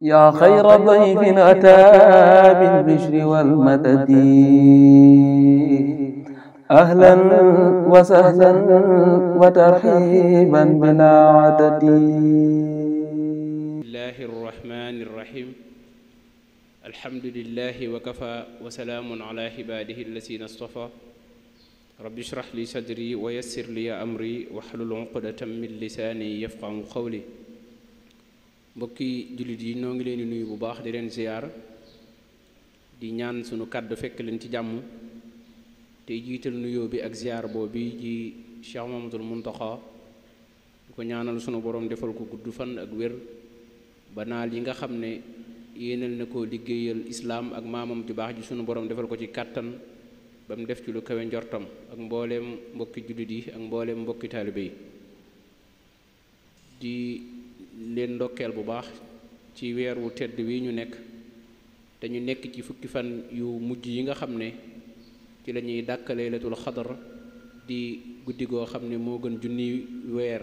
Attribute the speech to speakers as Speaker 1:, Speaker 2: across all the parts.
Speaker 1: yaa xayra dayfin ataa bil bishri wal madadi
Speaker 2: ahlan wa sahlan wa tarhiiban bilaa adadi. Bismillahi rahmaani rahiim. alhamdulillahi wa kafaa wa salaamun alaa ibaadihi allaziina stafaa. rabbi shrah li sadri wa yassir li amri wahlul uqdatan min lisaani yafqahu qawli. mbokki jullit yi noo ngi leen di nuyu bu baax di leen ziyaar di ñaan sunu kàddu fekk leen ci jàmm te jiital nuyoo bi ak ziyaar boobu ji Cheikh Mamadul Muntaxa di ko ñaanal sunu borom defal ko gudd fan ak wér ba naal yi nga xam ne yéenal na ko liggéeyal islaam ak maamam ju baax ji sunu borom defal ko ci kàttan ba def ci lu kawe njortam ak mbooleem mbokki jullit yi ak mbooleem mbokki taalibe yi leen ndokkeel bu baax ci weer wu tedd wii ñu nekk te ñu nekk ci fukki fan yu mujj yi nga xam ne ci la ñuy dàkk laylatul xadar di guddi goo xam ne moo gën junni weer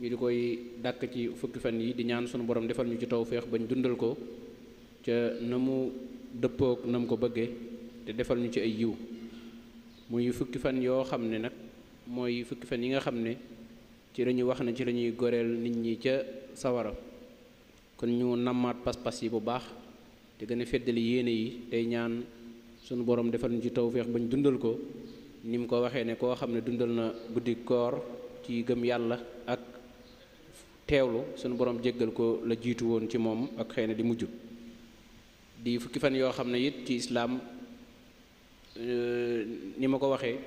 Speaker 2: ñu di koy dàkk ci fukki fan yi di ñaan sunu borom defal ñu ci feex bañ jundal ko ca namu mu dëppook na ko bëggee te defal ñu ci ay yiw muy fukki fan yoo xam ne nag mooy fukki fan yi nga xam ne ci la ñuy wax na ci lañuy goreel nit ñi ca sawara kon ñu nammaat pas-pas yi bu baax te gën a feddali yéene yi tey ñaan sunu borom defal ñu ci tawféex bañ dundal ko ni mu ko waxee ne koo xam ne dundal na buddi koor ci gëm yàlla ak teewlu sunu borom jéggal ko la jiitu woon ci moom ak xëy na di mujj di fukki fan yoo xam ne it ci islaam euh, ni ma ko waxee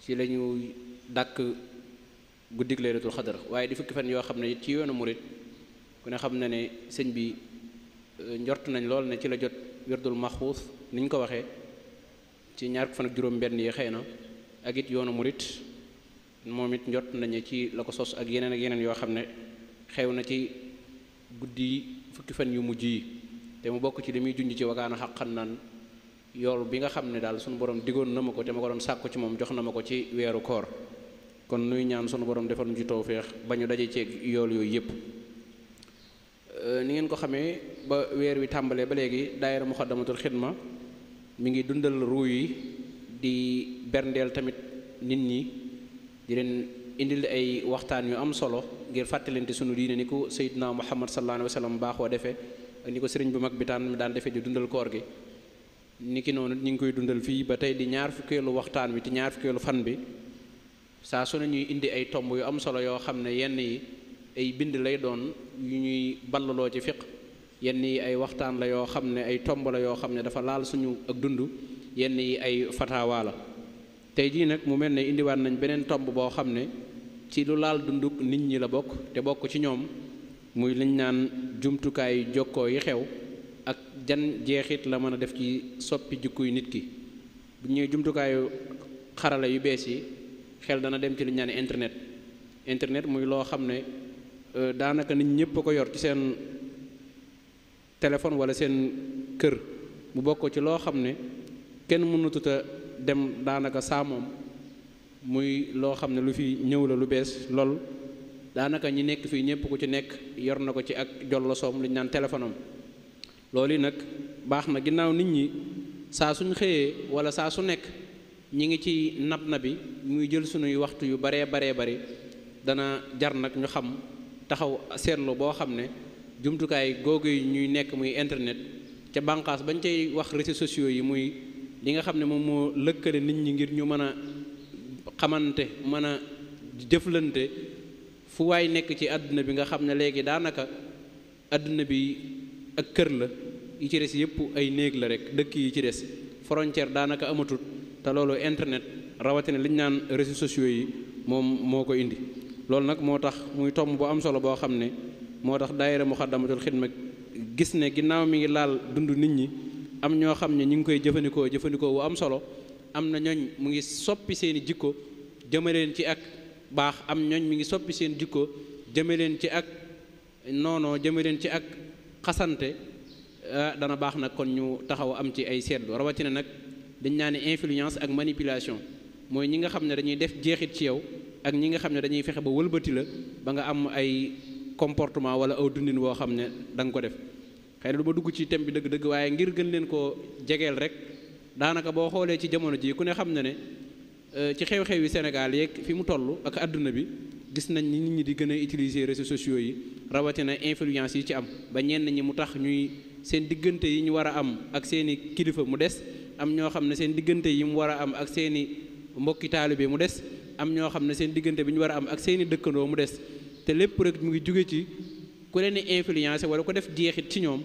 Speaker 2: ci lañu dàkk guddik laylatul xadar waaye di fukki fan yoo xam ne ci yoonu murit xam na ne sëñ bi euh, njort nañ lool ne ci la jot wirdul maxuus ni ñu ko waxee ci ñaar fan yi xëy na ak yoonu murit moom it njort nañu ci la ko sos ak yeneen ak yeneen yoo xam ne xew na ci guddi fukki fan yu mujj yi te mu bokk ci di muy junj ci wakaana xaq naan yool bi nga xam ne daal sunu borom diggoon na ma ko te ma ko doon sàkku ci moom jox na ma ko ci weeru koor kon nuy ñaan sunu borom defal ñu ci tawféex ba ñu daje ceeg yool yooyu yëpp. Euh, ni ngeen ko xamee ba weer wi tàmbalee ba léegi daayira muxaddamatul xidma mi ngi dundal ruu yi di berndeel tamit nit ñi di leen indil ay waxtaan yu am solo ngir fàttalante sunu diine ni ko Seydina Muhammad sallallahu alayhi wa sallam baaxoo defee ak ni ko sëriñ bu mag bi taan mi daan defee di dundal koor gi ki noonu ñu ngi koy dundal fii ba tey di ñaar fukkeelu waxtaan wi ci ñaar fukkeelu fan bi saa su ne ñuy indi ay tomb yu am solo yoo xam ne yenn yi ay bind lay doon yu ñuy ballaloo ci fiq yenn yi ay waxtaan la yoo xam ne ay tomb la yoo xam ne dafa laal suñu ak dund yenn yi ay fataawaa la tey jii nag mu mel ne indiwaan nañ beneen tomb boo xam ne ci lu laal dunduk nit ñi la bokk te bokk ci ñoom muy liñ naan jumtukaayu jokkoo yi xew ak jan jeexit la mën a def ci soppi jikkuy nit ki bu ñuy jumtukaayu xarala yu bees yi xel dana dem ci li ñu naan internet internet muy loo xam ne euh, daanaka nit ñëpp a ko yor ci seen téléphone wala seen kër mu bokk ci loo xam ne kenn mënatut a dem daanaka saa moom muy loo xam ne lu fi ñëw la lu bees lool daanaka ñi nekk fii ñëpp ku ci nekk yor na ko ci ak jollo soom li ñu naan téléphone am loolu nag baax na ginnaaw nit ñi saa suñ xëyee wala saa su nekk. ñi ngi ci nab na bi muy jël sunuy waxtu yu baree baree bari dana jar nag ñu xam taxaw seetlu boo xam ne jumtukaay googu yi ñuy nekk muy internet ca banqaas bañ cay wax réseaux yi muy li nga xam ne moom moo lëkkale nit ñi ngir ñu mën a xamante mën a jëflante fu waay nekk ci àdduna bi nga xam ne léegi daanaka àddina bi ak kër la yi ci des yëpp ay néeg la rek dëkk yi ci des frontière daanaka amatut te loolu internet rawatina li ñu naan réseaux sociaux yi moom moo ko indi loolu nag moo tax muy tomb bu am solo boo xam ne moo tax daayira Muxaddamatul Xidma gis ne ginnaaw mi ngi laal dund nit ñi am ñoo xam ne ñu ngi koy jëfandikoo jëfandikoo bu am solo am na ñooñ mu ngi soppi seen i jikko jëme leen ci ak baax am ñooñ mi ngi soppi seen jikko jëme leen ci ak noonoo jëme leen ci ak xasante ah, dana baax nag kon ñu taxaw am ci ay seetlu rawatina nag dañ naa ne influence ak manipulation mooy ñi nga xam ne dañuy def jeexit ci yow ak ñi nga xam ne dañuy fexe ba wëlbati la ba nga am ay comportement wala aw dundin woo xam ne da nga ko def xëy na du ma dugg ci thème bi dëgg-dëgg waaye ngir gën leen koo jegeel rek daanaka boo xoolee ci jamono ji ku ne xam na ne euh, ci xew-xew yi Sénégal yeeg fi mu toll ak àdduna bi gis nañ ni nit ñi di gën a utiliser réseaux sociaux yi rawatina influence yi ci am ba ñenn ñi mu tax ñuy seen diggante yi ñu war a am ak seeni kilifa mu des am ñoo xam ne seen diggante yi mu war a am ak seeni i mbokki taalibe mu des am ñoo xam ne seen diggante bi ñu war a am ak seeni i dëkkandoo mu des te lépp rek mu ngi jóge ci ku leen di wala ko def jeexit ci ñoom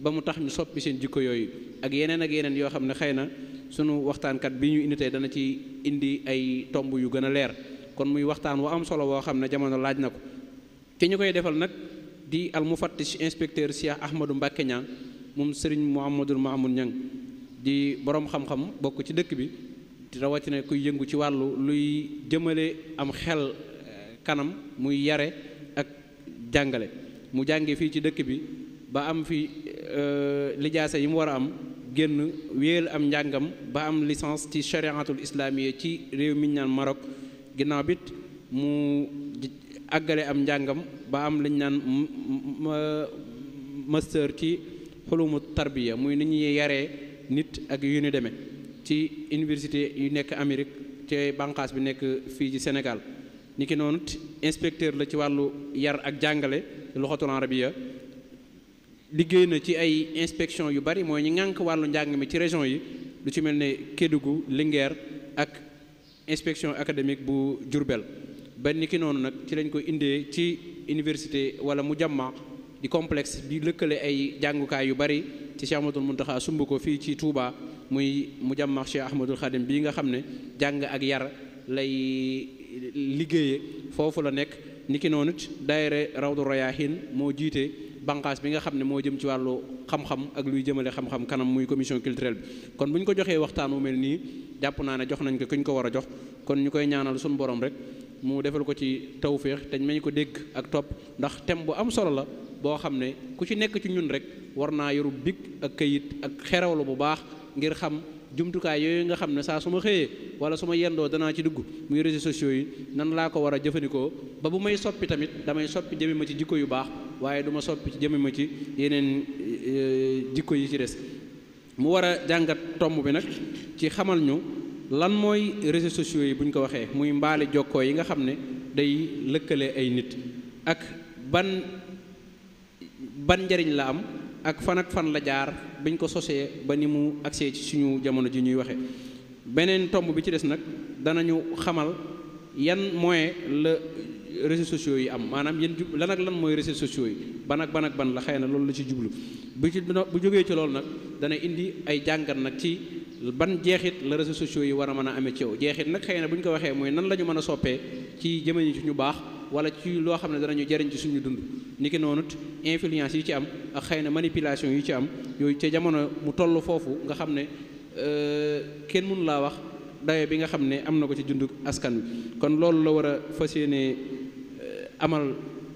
Speaker 2: ba mu tax ñu soppi seen jikko yooyu ak yeneen ak yeneen yoo xam ne xëy na sunu waxtaankat bi ñu indi tey dana ci indi ay tomb yu gën a leer kon muy waxtaan wu am solo woo xam ne jamono laaj na ko ci ñu koy defal nag di almufattish inspecteur Cheikh Ahmadou Mbacké Niang moom Serigne Mouhamadoul Mamoun Niang di borom xam-xam bokk ci dëkk bi rawatina kuy yëngu ci wàllu luy jëmale am xel eh, kanam muy yare ak jàngale mu jànge fii ci dëkk bi ba am fi eh, lijaasa yi mu war a am génn wéel am njàngam ba am licence ci chariatul islamiya ci réew mi ñu naan Maroc ginnaaw bit mu àggale am njàngam ba am liñ naan master ci xulumu tarbiya muy nit ñuy yaree nit ak yu ñu demee ci université yu nekk Amérique te banqaas bi nekk fii ci Sénégal ni ki noonu inspecteur la ci wàllu yar ak jàngale loxatul arabiya liggéey na ci ay inspection yu bari mooy ñi ŋànk wàllu njàng mi ci région yi lu ci mel ne Kédougou Linguère ak inspection académique bu Diourbel ba ni noonu nag ci lañ ko indee ci université wala mu jàmma di complexe bi lëkkale ay jàngukaay yu bari ci Cheikh Ahmadul Muntaxa sumb ko fii ci Touba muy mu jàmmax Cheikh Ahmadul Xadim bii nga xam ne jàng ak yar lay liggéeye foofu la nekk niki noonu it daayira Rawdu Rayaahin moo jiite banqaas bi nga xam ne moo jëm ci wàllu xam-xam ak luy jëmale xam-xam kanam muy commission culturelle bi kon bu ñu ko joxee waxtaan wu mel nii jàpp naa ne jox nañ ko ku ñu ko war a jox kon ñu koy ñaanal suñu borom rek mu defal ko ci tawféex te ñu ko dégg ak topp ndax thème bu am solo la boo xam ne ku ci nekk ci ñun rek war naa yoru big ak këyit ak xeraw la bu baax ngir xam jumtukaay yooyu nga xam ne saa su ma xëyee wala su ma yendoo danaa ci dugg muy réseaux sociaux yi nan laa ko war a jëfandikoo ba bu may soppi tamit damay soppi jëme ma ci jikko yu baax waaye du ma soppi ci jëme ma ci yeneen euh, jikko yi ci des mu war a jàngat tomb bi nag ci xamal ñu lan mooy réseaux sociaux yi buñ ko waxee muy mbaali jokkoo yi nga xam ne day lëkkale ay nit ban njariñ la am ak fan ak fan la jaar biñ ko sosee ba ni mu agsee ci suñu jamono ji ñuy waxe beneen tomb bi ci des nag dana danañu xamal yan moyen la réseaux sociaux yi am maanaam yan jub lan ak lan mooy réseaux sociaux yi ban ak ban ak ban la xëy na loolu la ci jublu bu ci bu jógee ci loolu nag dana indi ay jàngat nag ci ban jeexit la réseaux sociaux yi war a mën a amee ci jeexit nag xëy na bu ñu ko waxee mooy nan la ñu mën a soppee ci jëmale ci ñu baax. wala ci loo xam ne danañu jariñ ci suñu dund niki noonut influence yi ci am ak xëy na manipulation yi ci am yooyu ca jamono mu toll foofu nga xam ne euh, kenn mënu laa wax dayo bi nga xam ne am na ko ci dund askan wi kon loolu la war a fas yéene euh, amal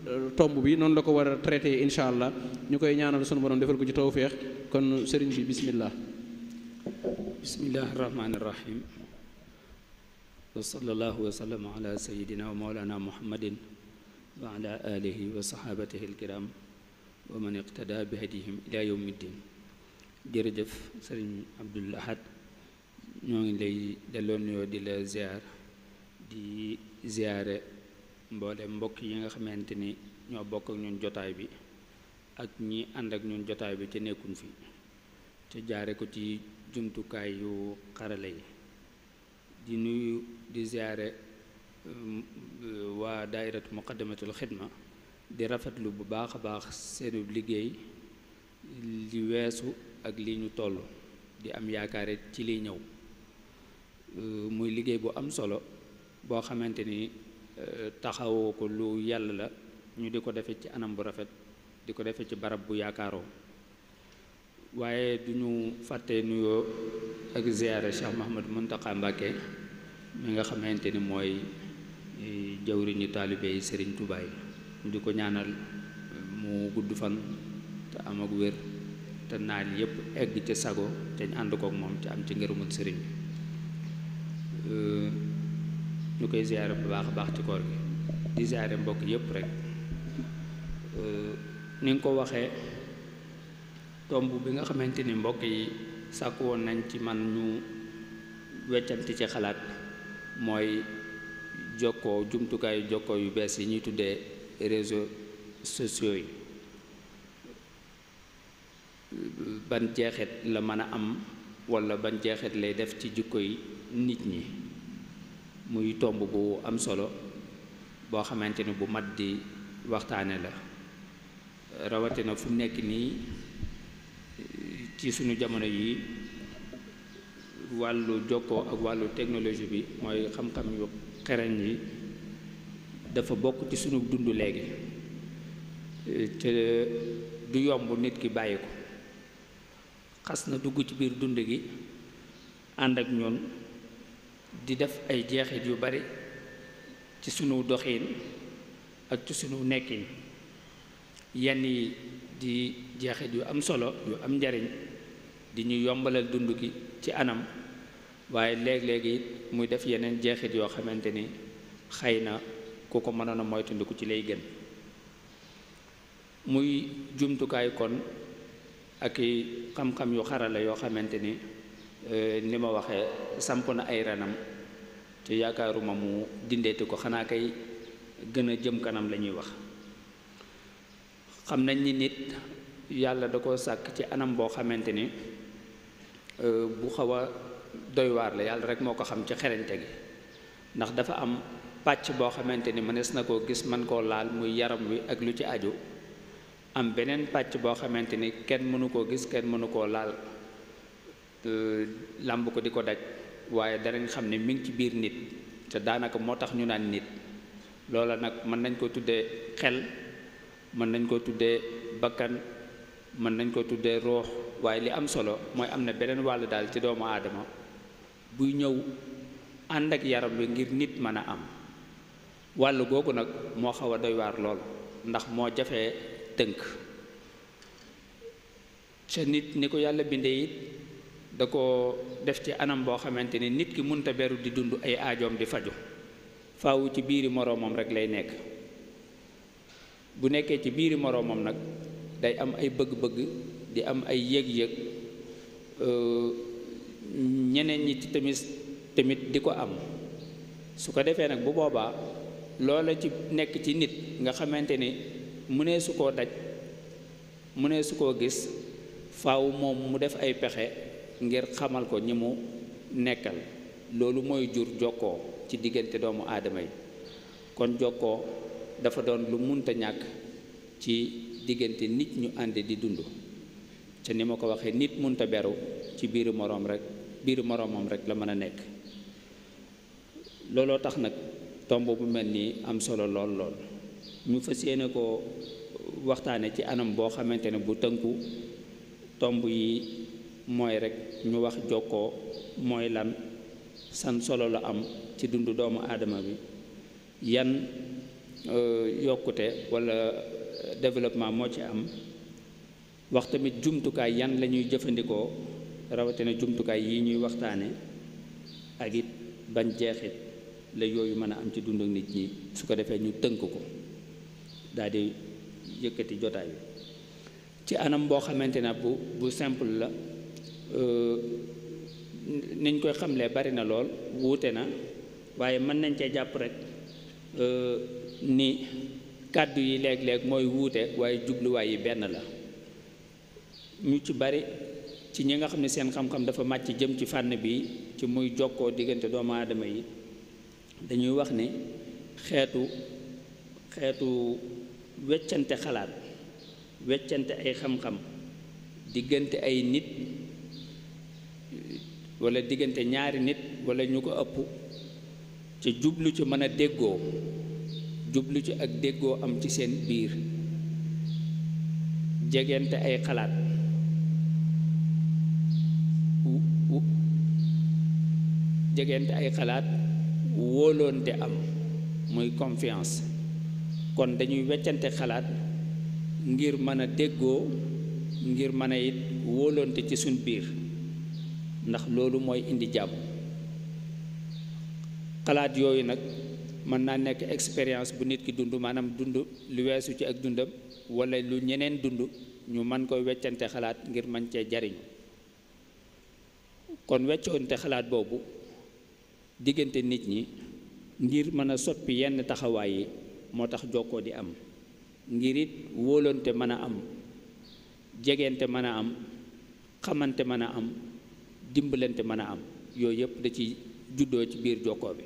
Speaker 2: euh, tomb bi noonu la ko war a traité incha allah ñu koy ñaanal sunu borom defal ko ci tawféex kon sëriñ bi bismillah bismillah rahmaani wa sallallahu wa sallam ala
Speaker 1: sayidina wa mawlana muhammadin wa ala alihi wa sahabatihi alkiram wa man iqtada bi hadihim ila yawmiddin jërëjëf sëriñ Abdul Ahad ñoo ngi lay delloo nuyoo di la ziar di ziare mboole mbokk yi nga xamante ni ñoo bokk ak ñun jotaay bi ak ñi ànd ak ñun jotaay bi ci nekkuñ fi te jaare ko ci jumtukaay yu xarala yi di nuyu di ziyaare euh, waa daairatu muqaddamatul xidma di rafetlu bu baax a baax seenu liggéey li weesu ak li ñu toll di am yaakaare ci liy ñëw euh, muy liggéey bu am solo boo xamante ni euh, taxawoo ko lu yàlla la ñu di ko defee ci anam bu rafet di ko defee ci barab bu yaakaaroo waaye du ñu fàtte nuyoo ak ziyaare Cheikh Mouhamadou Mountakha Mbacké mi nga xamante ni mooy e, jawriñu taalibe yi Serigne Touba yi di ko ñaanal mu gudd fan te am ak wér te naaj yépp egg ca sago te ñu ànd kook moom ci am ci ngërëmul sëriñ bi e, ñu koy ziyaare bu baax baax ci koor gi di ziyaare mbokk yépp rek e, ni nga ko waxee tomb bi nga xamante ni mbokk yi sàkk woon nañ ci man ñu weccante ci xalaat mooy jokkoo jumtukaayu jokkoo yu bees yi ñuy tuddee réseau sociaux yi ban jeexit la mën a am walla ban jeexit lay def ci jikko yi nit ñi muy tomb bu am solo boo xamante ni bu mat di waxtaanee la rawatina fu nekk nii ci sunu jamono yi wàllu jokkoo ak wàllu technologie bi mooy xam-xam yu xereñ yi dafa bokk ci sunu dund léegi te du yomb nit ki bàyyi ko xas na dugg ci biir dund gi ànd ak ñun di def ay jeexit yu bari ci sunu doxiin ak ci sunu nekkin yenn yi di jeexit yu am solo yu am njariñ di ñu yombalal dund gi ci anam waaye léeg léegi it muy def yeneen jeexit yoo xamante ni xëy na ku ko mënoon a moytandiku ci lay gën muy jumtukaay kon ak i xam-xam yu xarala yoo xamante ni eh, ni ma waxee samp na ay ranam te yaakaaruma mu dindeeti ko xanaa kay gën a jëm kanam la ñuy wax xam nañ nit yàlla da ko sàkk ci anam boo xamante ni eh, bu xaw doy la yàlla rek moo ko xam ci xerañte gi ndax dafa am pàcc boo xamante ni mënees na koo gis man koo laal muy yaram wi ak lu ci aju am beneen pàcc boo xamante ni kenn mënu koo gis kenn mënu koo laal euh, làmb ko di ko daj waaye danañ xam ni mi ngi ci biir nit te daanaka moo tax ñu naan nit loola nag mën nañ koo tuddee xel mën nañ koo tuddee bakkan mën nañ ko tuddee roox waaye li am solo mooy am na beneen wàll daal ci doomu aadama buy ñëw ànd ak yaram wi ngir nit mën a am wàll googu nag moo xaw a doy waar lool ndax moo jafe tënk ca nit ni ko yàlla bindee it da ko def ci anam boo xamante ni nit ki munta beru di dund ay aajoom di faju faawu ci biiri moroomam rek lay nekk bu nekkee ci biiri moroomam nag day am ay bëgg-bëgg di am ay yëg-yëg euh, ñeneen ñi tamit tamit di ko am su ko defee nag bu boobaa loola ci nekk ci nit nga xamante ni mu ne su koo daj mu ne su koo gis faaw moom mu def ay pexe ngir xamal ko ñi mu nekkal loolu mooy jur jokkoo ci diggante doomu aadama yi kon jokkoo dafa doon lu munta ñàkk ci diggante nit ñu ànd di dund te ni ma ko waxee nit munta beru ci biiru moroom rek biiru moroomam rek la mën a nekk looloo tax nag tomb bu mel nii am solo lool lool ñu fas yéene ko waxtaane ci anam boo xamante ne bu tënku tomb yi mooy rekk ñu wax jokkoo mooy lan san solo la am ci dundu doomu aadama bi yan euh, yokkute walla développement moo ci am wax tamit jumtukaay yan lañuy jëfandikoo rawatina jumtukaay yi ñuy waxtaane ak it ban jeexit la yooyu mën a am ci dund ak nit ñi su ko defee ñu tënk ko daal di yëkkati jotaay bi ci anam boo xamante ne bu bu simple la euh, niñ koy xamlee bari na lool wuute na waaye mën nañ cee jàpp rek euh, ni kàddu yi léeg-léeg mooy wuute waaye jubluwaay yi benn la ñu ci bari ci ñi nga xam ne seen xam-xam dafa màcc jëm ci fànn bi ci muy jokkoo diggante doomu aadama yi dañuy wax ni xeetu xeetu weccante xalaat weccante ay xam-xam diggante ay nit walla diggante ñaari nit walla ñu ko ëpp ci jublu ci mën a déggoo jublu ci ak déggoo am ci seen biir jegante ay xalaat jegente ay xalaat wóoloonte am muy confiance kon dañuy weccante xalaat ngir mën a déggoo ngir mën a it wóoloonte ci suñ biir ndax loolu mooy indi jàmm xalaat yooyu nag mën naa nekk expérience bu nit ki dund maanaam dund lu weesu ci ak dundam wala lu ñeneen dund ñu mën koy weccante xalaat ngir mën cee jariñ kon weccoonte xalaat boobu diggante nit ñi ngir mën a soppi yenn taxawaay yi moo tax jokkoo di am ngir it wóolante mën a am jegente mën a am xamante mën a am dimbalante mën a am yooyu yëpp da ci juddoo ci biir jokkoo bi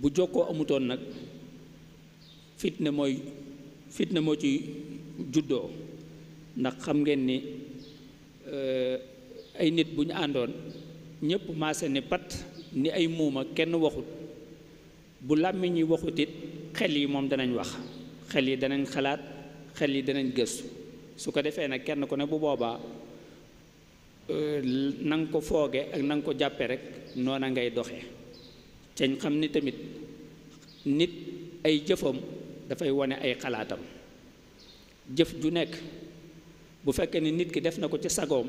Speaker 1: bu jokkoo amutoon nag fitna mooy fitna moo ci juddoo ndax xam ngeen ni euh, ay nit bu ñu àndoon ñëpp maase ne pat ni ay muuma kenn waxut bu làmmiñ yi waxut it xel yi moom danañ wax xel yi danañ xalaat xel yi danañ gëstu su ko defee nag kenn ku ne bu boobaa euh, na ko fooge ak na ko jàppe rek noona ngay doxe cañ xam ni tamit nit ay jëfam dafay wone ay xalaatam jëf ju nekk bu fekkee ne nit ki def na ko ca sagoom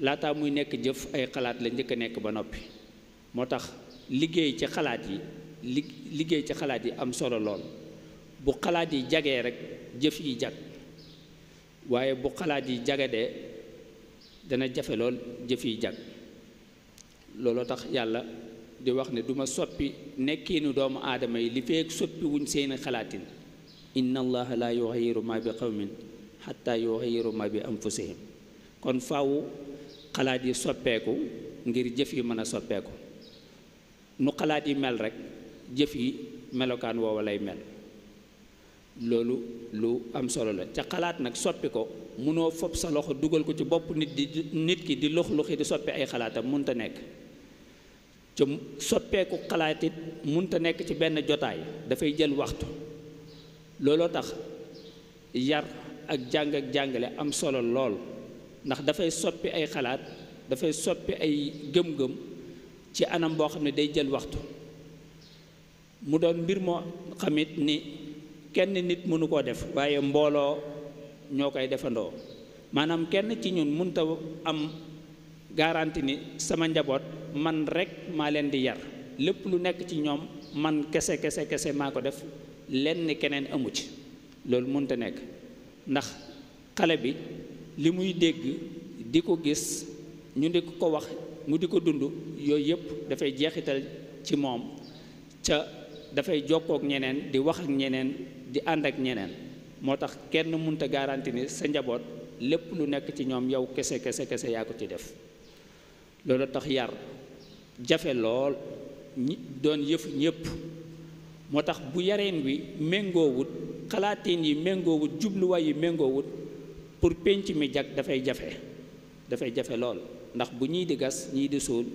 Speaker 1: laataa muy nekk jëf ay xalaat la njëkk a nekk ba noppi moo tax liggéey ci xalaat yi li liggéey ci xalaat yi am solo lool bu xalaat yi jagee rek jëf yi jag waaye bu xalaat yi jagadee dana jafe lool jëf yi jag looloo tax yàlla di wax ne duma soppi nekkiinu doomu aadama yi li feek soppi wuñ seeni xalaatin inna allaha la yuxayiru ma bi qawmin xatta yuxayiru ma bi anfusihim kon faaw xalaat yi soppeeku ngir jëf yi mën a soppeeku nu xalaat yi mel rek jëf yi melokaan woowa lay mel loolu lu am solo la ca xalaat nag soppi ko mënoo fob sa loxo dugal ko ci bopp nit di nit ki di lux-luxi di soppi ay xalaatam munta nekk ca soppeeku xalaat it munta nekk ci benn jotaay dafay jël waxtu looloo tax yar ak jàng ak jàngale am solo lool ndax dafay soppi ay xalaat dafay soppi ay gëm-gëm ci anam boo xam ne day jël waxtu mu doon mbir moo xamit ni kenn nit mënu koo def waaye mbooloo ñoo koy defandoo maanaam kenn ci ñun mënta am garanti ni sama njaboot man rekk maa leen di yar lépp lu nekk ci ñoom man kese kese kese maa ko def lenn keneen amu ci loolu munta nekk ndax xale bi li muy dégg di ko gis ñu di ko wax mu di ko dund yooyu yëpp dafay jeexital ci moom ca dafay jokkook ñeneen di wax ak ñeneen di ànd ak ñeneen moo tax kenn munta garanti ni sa njaboot lépp lu nekk ci ñoom yow kese kese kese yaa ko ci def loolu tax yar jafe lool ñi doon yëfu ñëpp moo tax bu yareen wi méngoowut xalaateen yi méngoowut jubluwaay yi méngoowut pour pénc mi jag dafay jafe dafay jafe lool ndax bu ñii di gas ñii di suul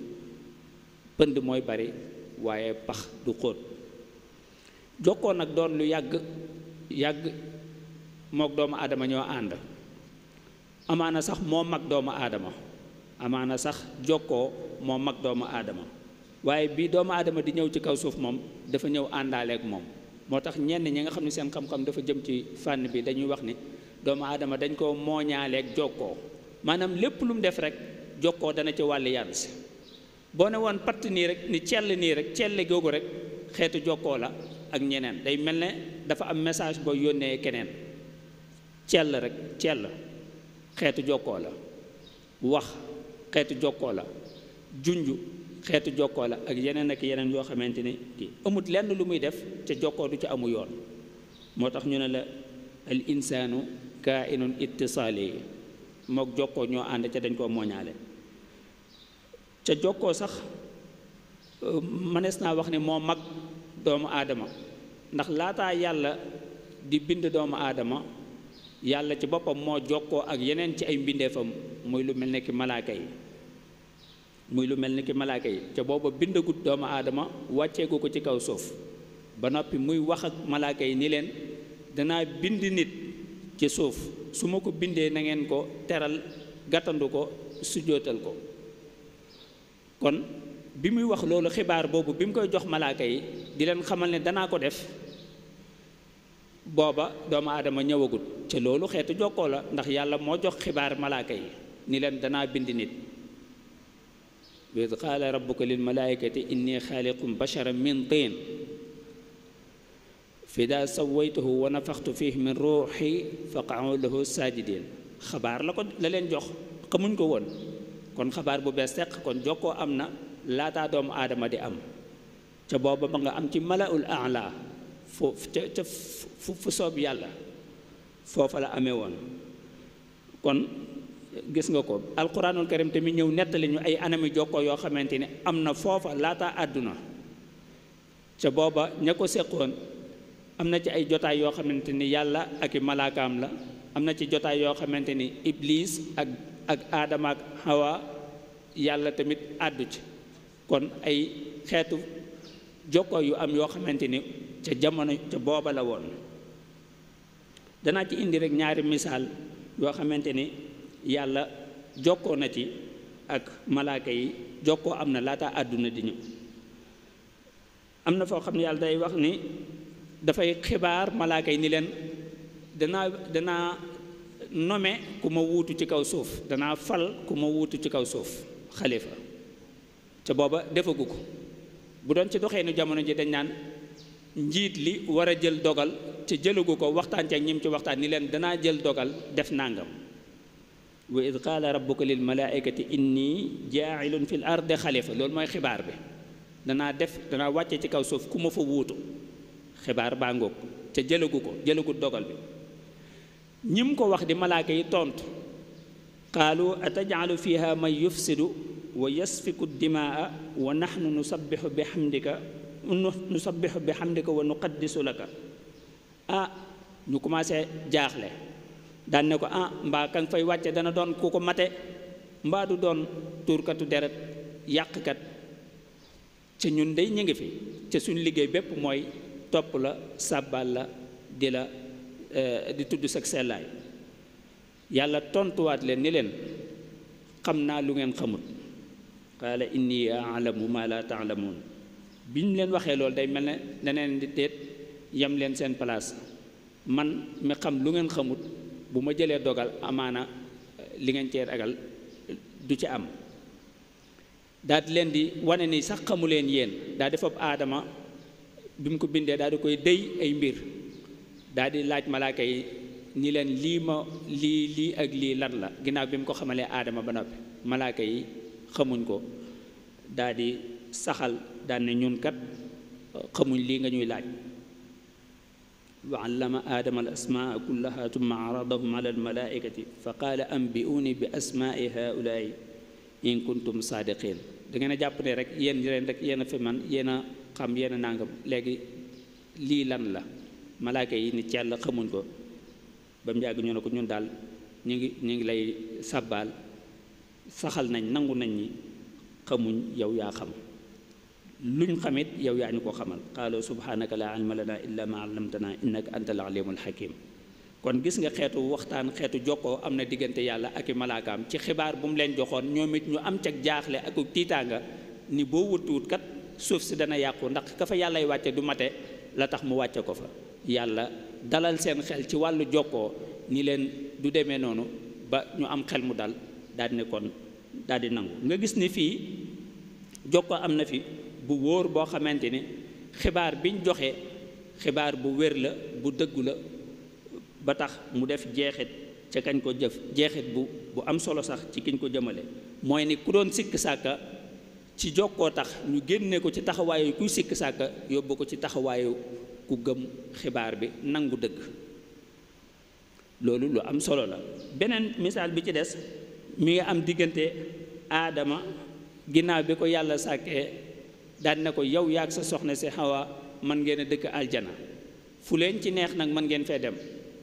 Speaker 1: pënd mooy bari waaye pax du xóot jokkoo nag doon lu yàgg yàgg mook doomu aadama ñoo ànd amaana sax moo mag doomu aadama amaana sax jokkoo moo mag doomu aadama waaye bii doomu aadama di ñëw ci kaw suuf moom dafa ñëw àndaaleek moom moo tax ñenn ñi nga xam ni seen xam-xam dafa jëm ci fànn bi dañuy wax ni doomu aadama dañ ko mooñaaleeg jokkoo maanaam lépp lu mu def rek jokkoo dana ci wàll yàbbi si boo ne woon patt nii rek ni cell nii rek celle googu rek xeetu jokkoo la ak ñeneen day mel ne dafa am message boo yónnee keneen cell rek cell xeetu jokkoo wax xeetu jokkoo junj xeetu jokkoo ak yeneen ak yeneen yoo xamante ni kii amut lenn lu muy def ca jokkoo du ca amul yoon moo tax ñu ne la al insaanu kaa inun ittisaali yi mook jokkoo ñoo ànd ca dañ koo moñaale ca jokkoo sax euh, mënees naa wax ne moo mag doomu aadama ndax laataa yàlla di bind doomu aadama yàlla ci boppam moo jokkoo ak yeneen ci ay mbindeefam muy lu mel ne ki malaaka yi muy lu mel ni ki malaaka yi ca booba bindagut doomu aadama wàcceegu ko ci kaw suuf ba noppi muy wax ak malaaka yi ni leen danaa bind nit ci suuf su ma ko bindee na ngeen ko teral gàttandu ko sujjootal ko kon bi muy wax loolu xibaar boobu bi mu koy jox malaaka yi di leen xamal ne danaa ko def booba doomu aadama ñëwagut ci loolu xeetu jokkoo la ndax yàlla moo jox xibaar malaaka yi ni leen danaa bind nit bi qaala rabbuka lil malaayikati inni xaaliqum basharan min tiin fi daa sawaytuhu wa nafaxtu fihi min ruuxi faqaau lahu saajidin xabaar la ko la leen jox xamuñ ko woon kon xabaar bu bees seq kon jokkoo am na laataa doomu aadama di am ca booba ba nga am ci malaul a'la fu fu soob yàlla foofa la amee woon kon gis nga ko alquranul karim tamit ñëw nettali ñu ay anami jokkoo yoo xamante ne am na foofa laataa àdduna ca booba ña ko seqoon am na ci ay jotaay yoo xamante ni yàlla ak i malaakaam la am na ci jotaay yoo xamante ni iblis ak ak aadama ak hawa yàlla tamit àddu ci kon ay xeetu jokkoo yu am yoo xamante ni ca jamono ca booba la woon danaa ci indi rek ñaari misaal yoo xamante ni yàlla jokkoo na ci ak malaaka yi jokkoo am na laata àdduna di ñëw am na foo xam ne yàlla day wax ni dafay xibaar malaaka yi ni leen danaa danaa nome ku ma wuutu ci kaw suuf danaa fal ku ma wuutu ci kaw suuf xalifa ca booba defagu ko bu doon ci doxee doxeenu jamono ji dañ naan njiit li war a jël dogal ci jëlugu ko waxtaan ci ak ci waxtaan ni leen danaa jël dogal def nangam wa id qaala rabbuka lil malaaikati inni jaa'ilun fil ardi xalifa loolu mooy xibaar bi danaa def danaa wàcce ci kaw suuf ku ma fa wuutu xibaar baa ngoog ca jëlagu ko jëlagu dogal bi ñim ko wax di malaaka yi tontu qaalu atajalu fiha man yufsidu wa yasfiku dimaa wa naxnu nusabixu bi xamdika nusabixu bi xamdika wa nuqaddisu laka ah ñu commencé jaaxle daan ne ko ah mbaa ka nga fay wàcce dana doon ku ko mate mbaa du doon tuurkatu deret yàqkat ca ñun day ñu ngi fi ca suñu liggéey bépp mooy topp la sàbbal la di la Eh, di tudd sag sellaay yàlla tontuwaat leen ni leen xam naa lu ngeen xamut qaala inni alamu ma la taalamuun bi ñu leen waxee lool day mel ne daneen di teet yem leen seen place man mi xam lu ngeen xamut bu ma jëlee dogal amaana eh, li ngeen cee ragal eh, du ci am daal leen di wane nii sax xamu leen yéen daal di fab aadama bi mu ko bindee daal di koy dëy ay mbir daal laaj malaaka yi ni leen lii ma lii lii ak lii lan la ginnaaw bi mu ko xamalee aadama ba noppi malaaka yi xamuñ ko daldi saxal daal ne ñun kat uh, xamuñ lii nga ñuy laaj wa allama aadama al asmaa kullaha tumma aradahum ala almalaikati fa qaala ambiuuni bi asmaai haulaai in kuntum saadiqin da a jàpp ne rek yéen leen a fi man yéen a xam yéen a nàngam léegi lii lan la malaaka yi ni cell xamuñ ko ba mu yàgg ñu ne ko ñun daal ñu ngi ñu ngi lay sàbbaal saxal nañ nangu nañ ñi xamuñ yow yaa xam luñ xamit yow yaa ñu ko xamal qaalu subhaanaka la ilma illaa maa allamtanaa innaka anta al-aliimul kon gis nga xeetu waxtaan xeetu jokkoo am na diggante yàlla ak i malaakaam ci xibaar bu mu leen joxoon ñoom it ñu am cag jaaxle ak tiitaanga ni boo wëttuwut kat suuf si dana yàqu ndax ka fa yàllay wàcce du mate la tax mu wàcce ko fa yàlla dalal seen xel ci wàllu jokkoo ni leen du demee noonu ba ñu am xel mu dal daldi di ne kon daal nangu nga gis ni fii jokkoo am na fi bu wóor boo xamante ne xibaar biñ joxe xibaar bu wér la bu dëggu la ba tax mu def jeexit ca kañ ko jëf jeexit bu bu am solo sax ci kiñ ko jëmale mooy ni ku doon sikk sàkka ci jokkoo tax ñu génne ko ci taxawaayu kuy sikk sàkka yóbbu ko ci taxawaayu ku gëm xibaar bi nangu dëkk loolu lu am solo la beneen misaal bi ci des mu ngi am diggante aadama ginnaaw bi ko yàlla sàkkee daan na ko yow yaag sa soxna si xawa man ngeen a dëkk aljana fu leen ci neex nag man ngeen fee dem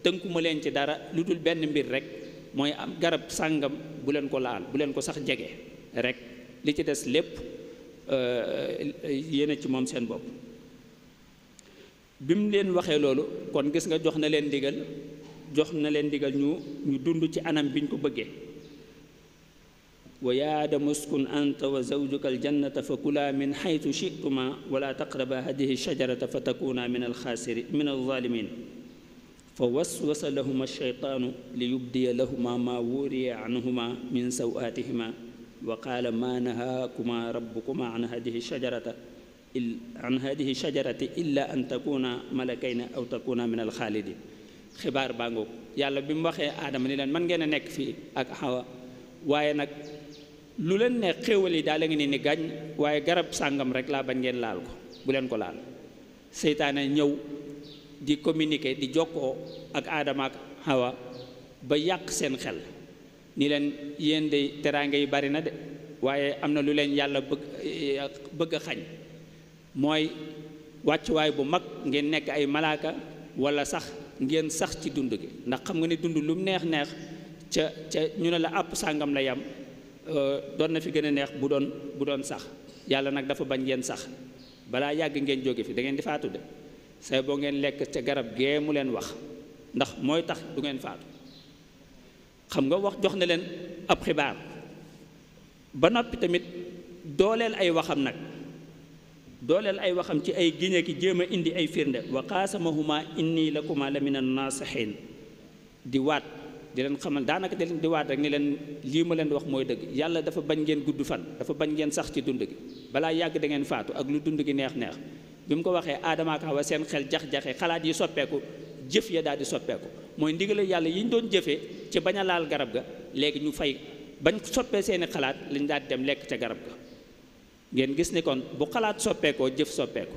Speaker 1: tënkuma leen ci dara lu dul benn mbir rek mooy am garab sàngam bu leen ko laal bu leen ko sax jege rek li ci des lépp euh, yéen a ci moom seen bopp bi mu leen waxee loolu kon gis nga jox na leen ndigal jox na leen ndigal ñu ñu dund ci anam biñ ko bëggee wa yaa aadamu uskun anta wa zawjuka aljannata fa kulaa min xaytu chituma wala taqraba hadihi shajarata fa takuuna min alxaasiri min alzaalimin fa waswasa lahuma alcheytaanu li yubdiya lahuma maa wuuriya anhuma min sawaatihima wa qaala maa nahaakuma rabbukuma an hadihi shajarata an hadihi shajarati illa an takuna malakayna aw takuna min alxaalidin xibaar baa ngoog yàlla bi mu waxee aadama ni leen man ngeen a nekk fii ak xawa waaye nag lu leen ne xéewal yi daal la ngeen ni gàññ waaye garab sàngam rek laa bañ ngeen laal ko bu leen ko laal seytaane ñëw di communiquer di jokkoo ak aadama ak xawa ba yàq seen xel ni leen yéen de teraanga yi bari na de waaye am na lu leen yàlla bëgg eh, bëgg xañ mooy wàccuwaay bu mag ngeen nekk ay malaaka wala sax ngeen sax ci dund gi ndax xam nga ne dund lum neex neex ca ca ñu ne la àpp sàngam la yam euh, doon na fi gën a neex bu doon bu doon sax yàlla nag dafa bañ ngeen sax balaa yàgg ngeen jóge fi da ngeen di faatu de say boo ngeen lekk ca garab gee mu leen wax ndax mooy tax du ngeen faatu xam nga wax jox na leen ab xibaar ba noppi tamit dooleel ay waxam nag dooleel ay waxam ci ay giñe ki jéem a indi ay firnde wa qaasamahuma inni lakuma la min annaasihin di waat di leen xamal daanaka di leen di waat rek ni leen lii ma leen di wax mooy dëgg yàlla dafa bañ ngeen gudd fan dafa bañ ngeen sax ci dund gi balaa yàgg da ngeen faatu ak lu dund gi neex-neex bi mu ko waxee aadama seen xel jax-jaxe xalaat yi soppeeku jëf ya daal di soppeeku mooy ndigal yàlla yi ñu doon jëfee ci bañ a laal garab ga léegi ñu fay bañ soppee seeni xalaat lañ daal di dem lekk ca garab ngeen gis ni kon bu xalaat soppeekoo jëf soppeeku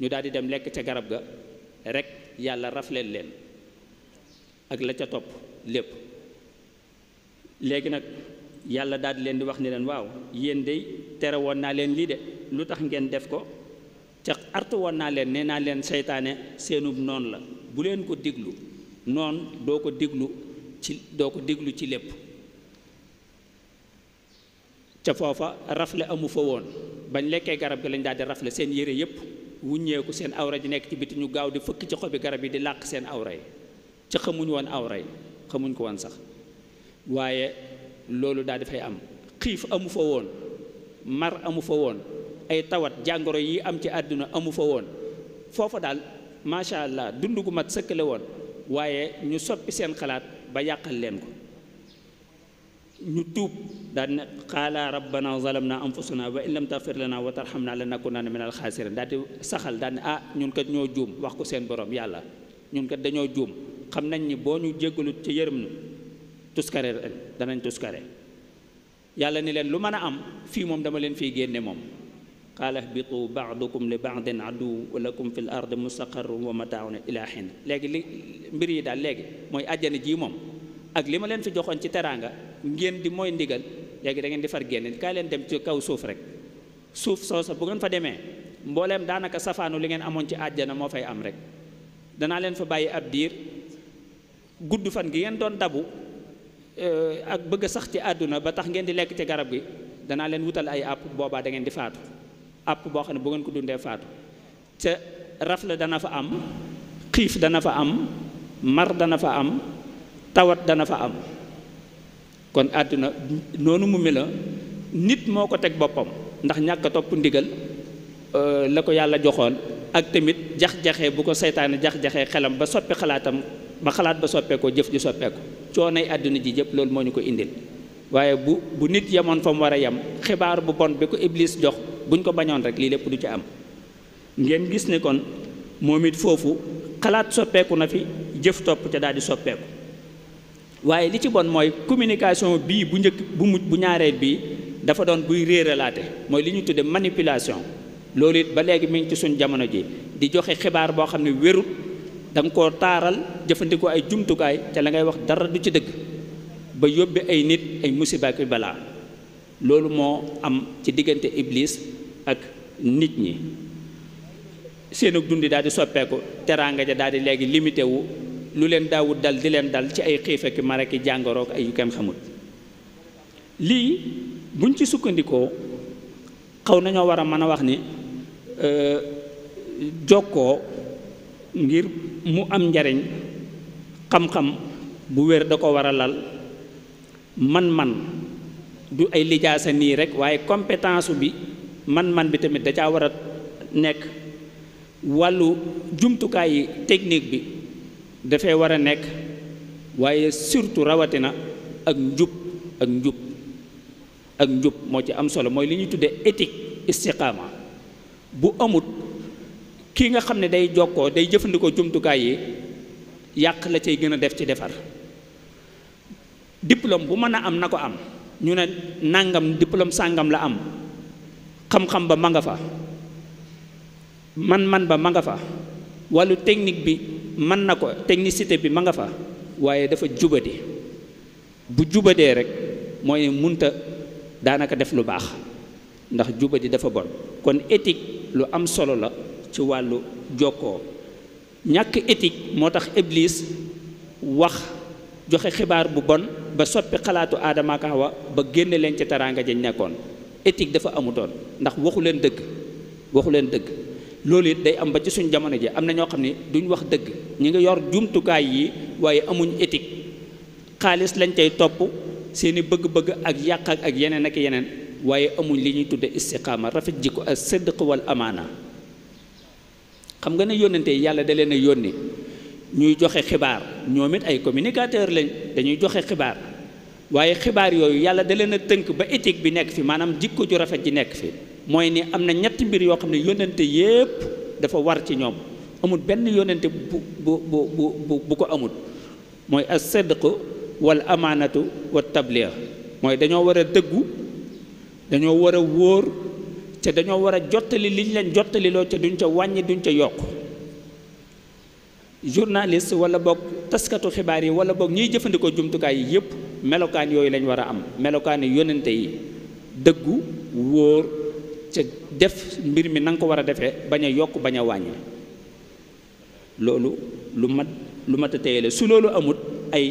Speaker 1: ñu daal dem lekk ca garab ga rekk yàlla rafleel leen ak la ca topp lépp léegi nag yàlla daal di leen di wax ni leen waaw yéen de tere woon naa leen lii de lu tax ngeen def ko ca artu woon naa leen nee naa leen seytaane seenub noon la bu leen ko diglu noon doo ko diglu ci doo ko diglu ci lépp ca foofa rafle amu fa woon bañ lekkee garab gi lañ daal di rafle seen yére yëpp wuññeeku seen awra ji nekk ci biti ñu gaaw di fëkk ci xobi garab yi di làq seen awra yi ca xamuñ woon awra yi xamuñ ko woon sax waaye loolu daal di fay am xiif amu fa woon mar amu fa woon ay tawat jàngoro yi am ci àdduna amu fa woon foofa daal macha allah dund gu mat sëkkale woon waaye ñu soppi seen xalaat ba yàqal leen ko ñu tuub daal ne qaala rabbana zalamna anfusana wa in la tagfir lana wa tarhamna lanakunanna min alxaasirin daal di saxal daal ne ah ñun kat ñoo juum wax ko seen borom yàlla ñun kat dañoo juum xam nañ ni boo ñu jéggalut ci yërëm nu tuskare danañ tuskare yàlla ni leen lu man a am fii moom dama leen fii génne moom qaala ihbitu baadukum li baadin adu lakum fi l ard mustaqarrun wa mataaun ila xin léegi li mbir yi daal léegi mooy àjjana jii moom ak li ma leen fi joxoon ci teraanga ngeen di mooy ndigal léegi da ngeen di far génne kaay leen dem ci kaw suuf rek suuf soo soosa bu ngeen fa demee mbooleem daanaka safaanu li ngeen amoon ci àjjana moo fay am rek danaa leen fa bàyyi ab diir gudd fan gi ngeen doon dabu eh, ak bëgg sax ci àdduna ba tax ngeen di lekk ci garab gi danaa leen wutal ay àpp boobaa da ngeen di faatu àpp boo xam ne bu ngeen ko dundee faatu ca raf la dana fa am xiif dana fa am mar dana fa am tawat dana fa am kon àdduna noonu mu mel la nit moo ko teg boppam ndax ñàkk topp ndigal euh, la ko yàlla joxoon ak tamit jax-jaxee bu ko seytaane jax-jaxee xelam ba soppi xalaatam ba xalaat ba soppeekoo jëf ji soppeeku coonay àdduna ji yëpp loolu moo ñu ko indil waaye bu bu nit yemoon fa mu war a yem xibaar bu bon bi ko Iblis jox buñ ko bañoon rek lii lépp du ci am ngeen gis ne kon moom it foofu xalaat soppeeku na fi jëf topp ca daal di soppeeku waaye li ci bon mooy communication bii bu njëkk bu mujj bu ñaareel bii dafa doon buy réeralaate mooy li ñu tudde manipulation loolu it ba léegi mi ngi ci suñ jamono ji di joxe xibaar boo xam ne wérut da nga koo taaral jëfandikoo ay jumtukaay te la ngay wax dara du ci dëgg ba yóbbe ay nit ay musiba ki balaa loolu moo am ci diggante iblis ak nit ñi seenug dundi daal di soppeeku teraanga ja daal di léegi limité wu lu leen daawut dal di leen dal ci ay xiif ak mar ak jàngoroog ay yu kenn xamul lii buñ ci sukkandikoo xaw nañoo war a mën a wax ni euh, jokkoo ngir mu am njariñ xam-xam bu wér da ko war a lal man-man du ay sa nii rek waaye compétence bi man-man bi tamit da caa war a nekk wàllu jumtukaay yi technique bi dafee war a nekk waaye surtout rawatina ak njub ak njub ak njub moo ci am solo mooy li ñuy tuddee éthique istiqaama bu amut kii nga xam ne day jokkoo day jëfandikoo jumtukaay yi yàq la cay gën a def ci defar diplôme bu mën a am na ko am ñu ne nangam diplôme sàngam la am xam-xam ba ma nga fa man-man ba ma nga fa wàllu technique bi mën na ko technicité bi ma nga fa waaye dafa jubadi bu jubadee rek mooy munta daanaka def lu baax ndax jubadi dafa bon kon éthique lu am solo la ci wàllu jokkoo ñàkk éthique moo tax iblis wax joxe xibaar bu bon ba soppi xalaatu aadama ak ba génne leen ci teraanga jañ nekkoon éthique dafa amutoon ndax waxu leen dëgg waxu leen dëgg loolu it day am ba ci suñ jamono ji am na ñoo xam ne duñu wax dëgg ñi ngi yor jumtukaay yi waaye amuñ éthique xaalis lañ tey topp seeni bëgg-bëgg ak yàqak ak yeneen ak yeneen waaye amuñ li ñuy tudde istiqaama rafet jikko ak sidq wal amaana xam nga ne yónnante yi yàlla da leen a yónni ñuy joxe xibaar ñoom it ay communicateur lañ dañuy joxe xibaar waaye xibaar yooyu yàlla da leen a tënk ba éthique bi nekk fi maanaam jikko ju rafet ji nekk fi mooy ni am na ñetti mbir yoo xam ne yónnante yépp dafa war ci ñoom amul benn yónnante bu bu bu bu ko amut mooy as sidq wal amaanatu wa tabliix mooy dañoo war a dëggu dañoo war a wóor te dañoo war a jottali liñ leen jottaliloo loo ca duñ ca wàññi duñ ca yokk journaliste wala boog taskatu xibaar yi wala boog ñiy jëfandikoo jumtukaay yi yépp melokaan yooyu lañ war a am melokaan yónnante yi dëggu wóor ca def mbir mi na ko war a defe bañ a yokk bañ a wàññi loolu lu mat lu mat a téyele su loolu amut ay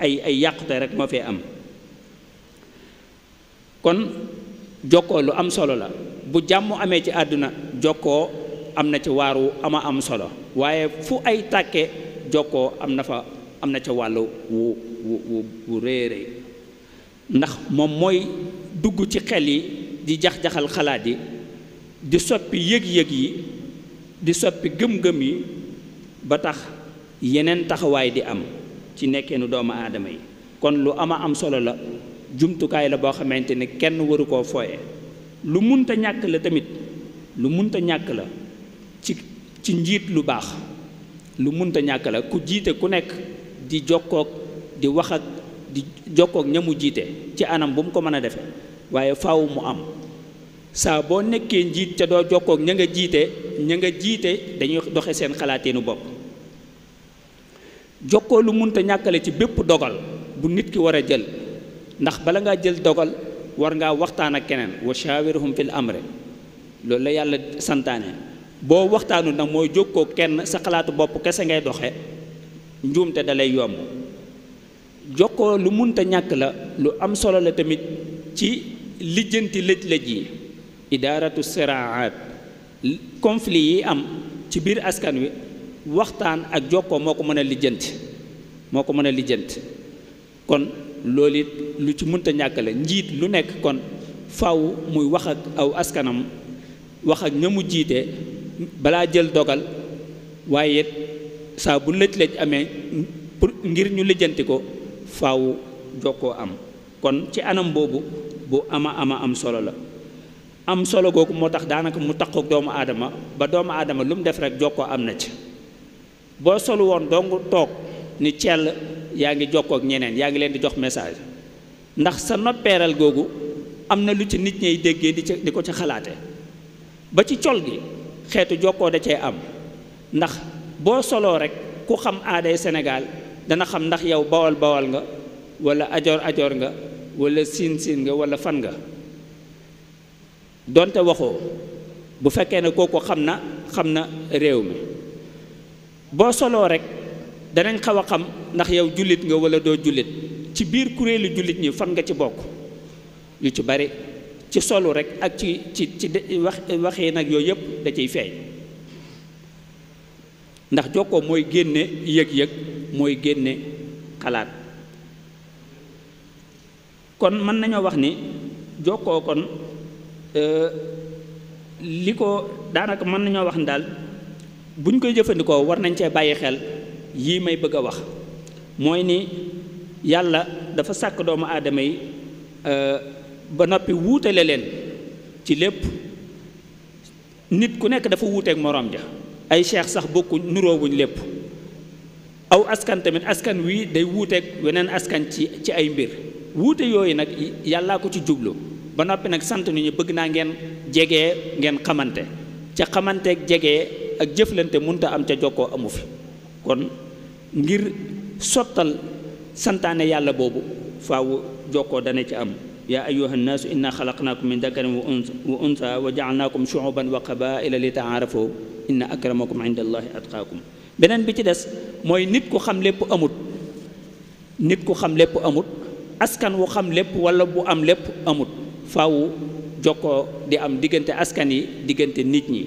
Speaker 1: ay ay yàqute rek moo fee am kon jokkoo lu am solo la bu jàmm amee ci àdduna jokkoo am na ci waaru ama am solo waaye fu ay tàkke jokkoo am na fa am na ca wàll wu wu wu réy réy ndax moom mooy dugg ci xel yi di jax-jaxal xalaat yi di soppi yëg-yëg yi di soppi gëm-gëm yi ba tax yeneen taxawaay di am ci nekkeenu doomu aadama yi kon lu am a am solo la jumtukaay la boo xamante ne kenn waru koo fooye lu munta ñàkk la tamit lu munta ñàkk la ci ci njiit lu baax lu munta ñàkk la ku jiite ku nekk di jokkook di wax ak di jokkoog ñamu jiite ci anam bu mu ko mën a defee waaye faaw mu am saa boo nekkee njiit ca doo jokkoog ña nga jiite ña nga jiite dañuy doxe seen xalaateenu bopp jokkoo lu munta ñàkkale ci bépp dogal bu nit ki war a jël ndax bala ngaa jël dogal war ngaa waxtaan ak keneen wa shawirhum fil loolu la yàlla santaane boo waxtaanu nag mooy jokkoo kenn sa xalaatu bopp kese ngay doxe njuumte dalay yomb lu munta ñàkk la lu am solo la tamit ci lijjanti lëj-lëj yi idaaratu siraat conflit yi am ci biir askan wi waxtaan ak jokkoo moo ko mën a lijjanti moo ko mën a lijjanti kon loolu it lu ci mënta ñàkk la njiit lu nekk kon faw muy wax ak aw askanam wax ak ña jiite balaa jël dogal waaye saa bu lëj-lëj amee pour ngir ñu lijjanti ko faw jokkoo am kon ci anam boobu bu ama ama am solo la am solo googu moo tax daanaka mu takkook doomu aadama ba doomu aadama lu mu def rek jokkoo am na ci boo solu woon dong toog ni cell yaa ngi jokkook ñeneen yaa ngi leen di jox message ndax sa noppeeral googu am na lu ci nit ñay déggee di ci di ko ci xalaate ba ci col gi xeetu jokkoo da cee am ndax boo soloo rek ku xam aaday Sénégal dana xam ndax yow bawal bawal nga wala ajoor ajoor nga walla siin siin nga wala fan nga doonte waxoo bu fekkee ne kooku xam na xam na réew mi boo soloo rek danañ xaw a xam ndax yow jullit nga wala doo jullit ci biir kuréelu jullit ñi fan nga ci bokk yu ci bari ci solu rek ak ci ci ci wax waxee nag yooyu yëpp da ciy feeñ ndax jokkoo mooy génne yëg-yëg mooy génne xalaat kon mën nañoo wax ni jokkoo kon euh, li ko daanaka mën nañoo wax ni daal buñ koy jëfandikoo war nañ cee bàyyi xel yii may bëgg a wax mooy ni yàlla dafa sàkk doomu aadama yi euh, ba noppi wuutale leen ci lépp nit ku nekk dafa wuuteek moroom ja ay cheikh sax bokku nuroowuñ lépp aw askan tamit askan wii day wuuteek weneen askan ci ci ay mbir wuute yooyu nag yàllaa ko ci jublu ba noppi nag sant ni ñu bëgg naa ngeen jege ngeen xamante ca xamanteek jegee ak jëflante munta am ca jokkoo amu fi kon ngir sottal santaane yàlla boobu faaw jokkoo dana ci am ya ayuha nnaasu inna xalaqnaakum min dakarin wa unsa wa jaalnaakum shuuban wa qabaila li taarafoo inna akramakum beneen bi ci des mooy nit ku xam lépp amut nit ku xam lépp amut askan wu xam lépp wala bu am lépp amut faaw jokkoo di am diggante askan yi diggante nit ñi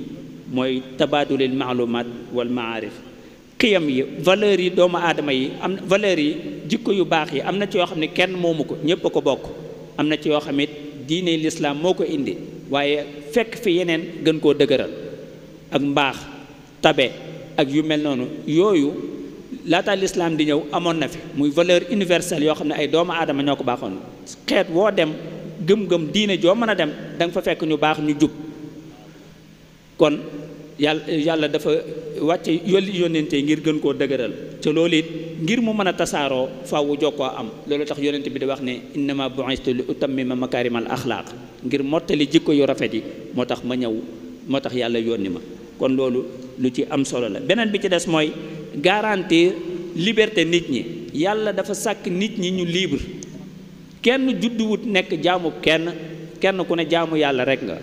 Speaker 1: mooy tabaadulil maalumaat wal maarif xiyam yi valeurs yi doomu aadama yi am na valeurs yi jikko yu baax yi am na ci yoo xam ne kenn moomu ko ñépp a ko bokk am na ci yoo xam it diine lislaam moo ko indi waaye fekk fi yeneen gën koo dëgëral ak mbaax tabe ak yu mel noonu yooyu laataa lislaam di ñëw amoon na fi muy valeur universelle yoo xam ne ay doomu aadama ñoo ko baaxoon xeet woo dem gëm-gëm diine joo mën a dem danga fa fekk ñu baax ñu jub kon yàlla yàlla dafa wàcce yolli yónnente ngir gën koo dëgëral ca loolu it ngir mu mën a tasaaroo faawu jokkoo am loolu tax yónnente bi di wax ne innama bu'istu li utammima makarimal axlaaq ngir mottali jikko yu rafet yi moo tax ma ñëw moo tax yàlla yónni ma kon loolu lu ci am solo la beneen bi ci des mooy garantir liberté nit ñi yàlla dafa sàkk nit ñi ñu libre kenn judduwut nekk jaamu kenn kenn ku ne jaamu yàlla rekk nga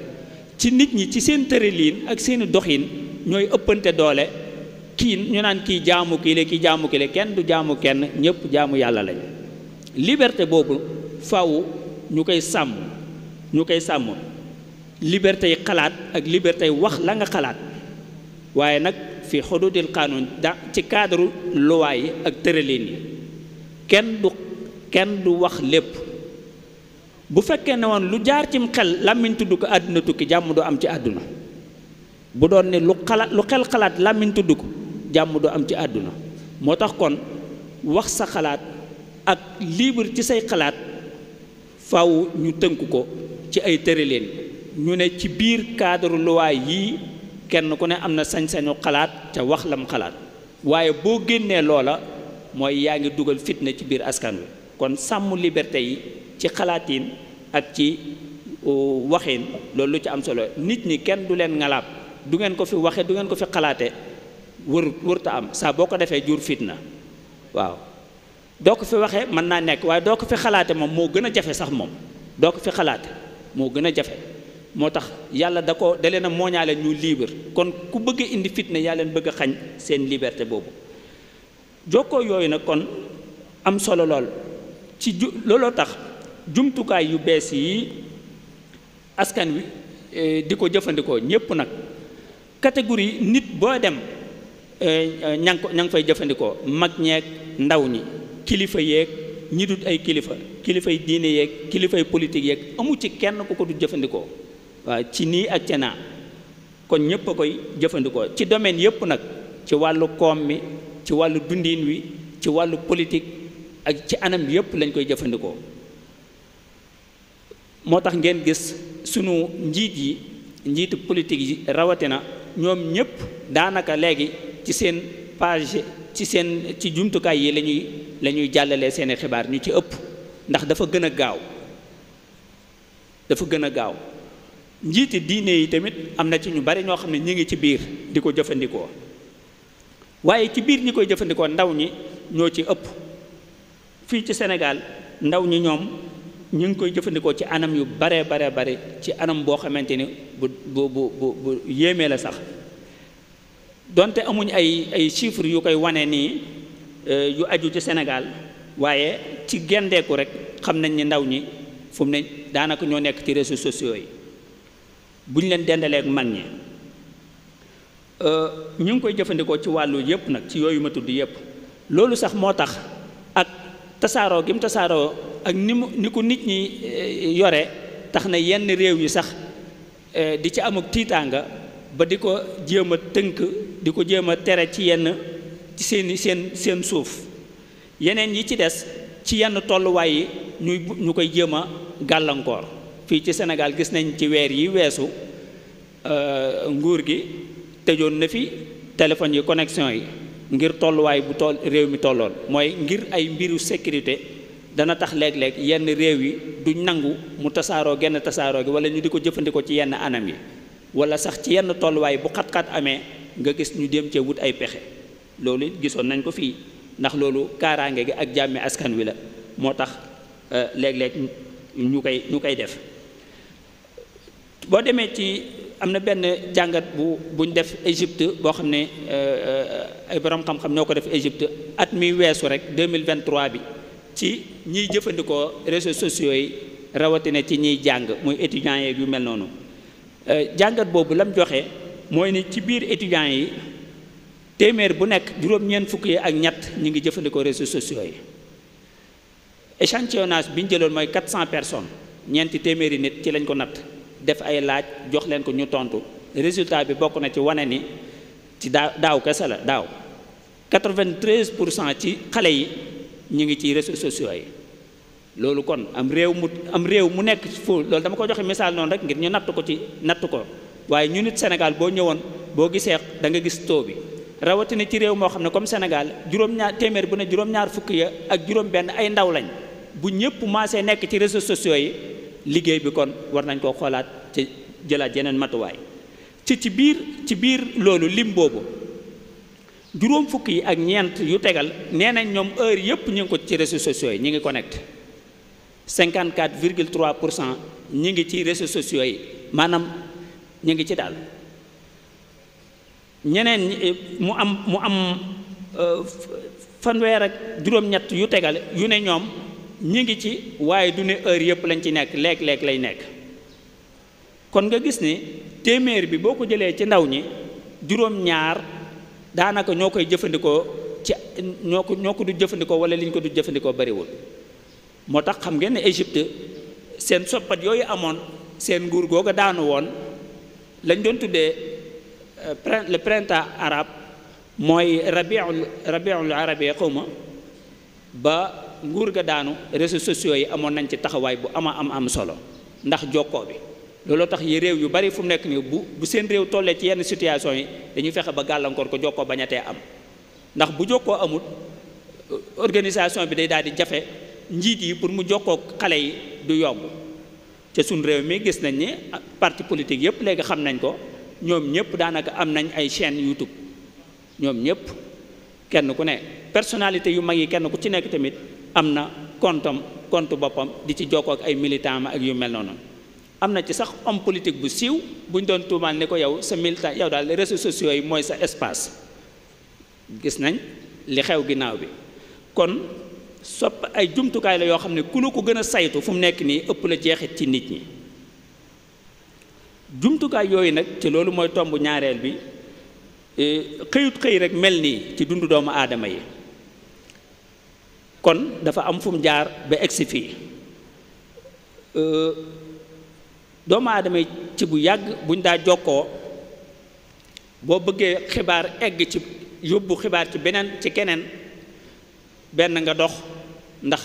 Speaker 1: ci nit ñi ci seen tërëliin ak seeni doxin ñooy ëppante doole kii ñu naan kii jaamu kii la kii jaamu kii la kenn du jaamu kenn ñëpp jaamu yàlla lañ liberté boobu faw ñu koy sàmm ñu koy sàmm liberté xalaat ak liberté wax la nga xalaat waaye nag fi xududil qaanuun da ci cadre luwaay yi ak tërëliin yi kenn du kenn du wax lépp bu fekkee ne woon lu jaar cim xel làmmiñ tudd ko àdduna tukki jàmm du am ci àdduna bu doon ne lu xalaat lu xel am ci àdduna moo tax kon wax sa xalaat ak libre ci say xalaat faw ñu tënk ko ci ay tërëliin ñu ne ci biir cadre luwaay yii kenn ku ne am na sañ-sañu xalaat ca wax lam xalaat waaye boo génnee loola mooy yaa ngi dugal fitna ci biir askan wi kon sàmm liberté yi ci xalaatiin ak ci waxin loolu lu ci am solo nit ñi kenn du leen ngalaab du ngeen ko fi waxe du ngeen ko fi xalaate wër wërta am saa boo ko defee jur fitna waaw doo ko fi waxe mën naa nekk waaye doo ko fi xalaate moom moo gën a jafe sax moom doo ko fi xalaate moo gën a jafe moo tax yàlla da ko da leen a mooñaale ñu libre kon ku bëgg indi fitna yaa leen bëgg a xañ seen liberte boobu jokkoo yooyu nag kon am solo lool ci looloo tax jumtukaay yu bees yi askan wi eh, di ko jëfandikoo ñépp nag catégorie nit boo dem eh, ña ngi ko fay jëfandikoo mag ñeek ndaw ñi kilifa yeeg ñi dut ay kilifa kilifay diine yeeg kilifay politique yeeg amu ci kenn ku ko du jëfandikoo waa ci nii ak ca naa kon ñépp a koy jëfandikoo ci domaine yépp nag ci wàllu koom mi ci wàllu dundin wi ci wàllu politique ak ci anam yépp lañ koy jëfandikoo moo tax ngeen gis sunu njiit yi njiitu politique yi rawatina ñoom ñépp daanaka léegi ci seen page ci seen ci jumtukaay yi lañuy lañuy la ñuy jàllalee seeni xibaar ñu ci ëpp ndax dafa gën a gaaw dafa gën a gaaw njiiti diine yi tamit am na ci ñu bari ñoo xam ne ñu ngi ci biir di ko jëfandikoo waaye ci biir ñi koy jëfandikoo ndaw ñi ñoo ci ëpp fii ci Sénégal ndaw ñi ñoom ñu ngi koy jëfandikoo ci anam yu bare bare bare ci anam boo xamante ni bu bu bu bu yéemee la sax donte amuñ ay ay chiffres yu koy wane nii eh, yu aju ci Sénégal waaye ci gendeeku rek xam nañ ni ndaw ñi fu mu ne daanaka ñoo nekk ci réseaux sociaux yi bu ñu leen dendaleeg mag ñi euh, ñu ngi koy jëfandikoo ci wàllu yëpp nag ci yooyu ma tudd yëpp loolu sax moo tax ak tasaaroo gim tasaaroo ak ni mu ni ko nit ñi eh, yore tax na yenn réew yi sax eh, di ci amuk tiitaanga ba di ko jéem a tënk di ko jéem a tere ci yenn ci seeni seen seen suuf yeneen yi ci des ci yenn tolluwaay yi ñuy ñu koy jéem a gàllankoor fii ci Sénégal gis nañ ci weer yi weesu euh, nguur gi tëjoon na fi téléphones yi connexion yi ngir tolluwaay bu toll réew mi tolloon mooy ngir ay mbiru sécurité dana tax léeg-léeg yenn réew yi duñ nangu mu tasaaroo genn tasaaroo gi wala ñu di ko jëfandikoo ci yenn anam yi wala sax ci yenn tolluwaay bu xat-xat amee nga gis ñu dem cee wut ay pexe loolu gisoon nañ ko fii ndax loolu kaaraange gi ak jàmme askan wi la moo tax euh, léeg-léeg ñu koy ñu koy def boo demee ci am na benn jàngat bu buñ def Égypte boo xam ne euh, ay borom xam-xam ñoo ko def Égypte at mi weesu rek 2023 bi ci ñiy jëfandikoo réseaux sociaux yi rawatina ci ñiy jàng muy étudiants yeeg yu mel noonu euh, jàngat boobu lam joxe mooy ni ci biir étudiants yi téeméer bu nekk juróom-ñeent fukk ak ñett ñi ngi jëfandikoo réseaux sociaux yi échantillonnage bi ñu jëloon mooy 400 personnes ñeenti téeméeri nit ci lañ ko natt. def ay laaj jox leen ko ñu tontu résultat bi bokk na ci wane ni ci daa daaw kese la daaw 93 pour cent ci xale yi ñu ngi ci réseaux sociaux yi loolu kon am réew mu am réew mu nekk foofu loolu dama ko joxe misaal noonu rek ngir ñu natt ko ci natt ko waaye ñu nit Sénégal boo ñëwoon boo gisee da nga gis taux bi rawatina ci réew moo xam ne comme Sénégal juróom-ñaar téeméer bu ne juróom-ñaar fukk ya ak juróom-benn ay ndaw lañ bu ñëpp maasee nekk ci réseaux sociaux yi. liggéey bi kon war nañ koo xoolaat ci jëlaat yeneen matuwaay ci ci biir ci biir loolu lim boobu juróom fukk yi ak ñeent yu tegal nee nañ ñoom heure yëpp ñu ngi ko ci réseaux sociaux yi ñu ngi connecté 54 virgule 3 pour cent ñu ngi ci réseaux sociaux yi maanaam ñu ngi ci daal ñeneen eh, mu am mu am euh, fanweer ak juróom-ñett yu tegal yu ne ñoom. ñi ngi ci waaye du ne heure yëpp lañ ci nekk léeg-léeg lay nekk kon nga gis ni téeméer bi boo ko jëlee ci ndaw ñi juróom-ñaar daanaka ñoo koy jëfandikoo ci ñoo ko ñoo ko du jëfandikoo wala li ñu ko du jëfandikoo bariwul moo tax xam ngeen ne Égypte seen soppat yooyu amoon seen nguur googa daanu woon lañ doon tuddee euh, le printemps arabe mooy rabiul rabiul arabi xawma ba nguur ga daanu réseaux sociaux yi amoon nañ ci taxawaay bu ama am am solo ndax jokkoo bi looloo tax yi réew yu bari fu mu nekk nii bu bu seen réew tollee ci yenn situation yi dañuy fexe ba gàllankoor ko jokkoo bañ a tee am ndax bu jokkoo amul organisation bi day daal di jafe njiit yi pour mu jokkoo xale yi du yomb ca suñ réew mi gis nañ ni ah, parti politique yëpp léegi xam nañ ko ñoom ñëpp daanaka am nañ ay chaîne YouTube ñoom ñëpp kenn ku ne personnalité yu mag yi kenn ku ci nekk tamit am na kontam kontu boppam di ci jokkoo ay militant ma ak yu mel noonu am na ci sax homme politique bu siiw buñ doon tuumaal ne ko yow sa militant yow daal réseaux sociaux yi mooy sa espace gis nañ li xew ginnaaw bi kon sopp ay jumtukaay la yoo xam ne ku la ko gën a saytu fu mu nekk nii ëpp la jeexit ci nit ñi jumtukaay yooyu nag ci loolu mooy tomb ñaareel bi eh, xëyut xëy rek mel nii ci dundu doomu aadama yi kon dafa am fum jaar ba egsi fii euh, doomu aadama ci bu yàgg buñ daa jokkoo boo bëggee xibaar egg ci yóbbu xibaar ci beneen ci keneen benn nga dox ndax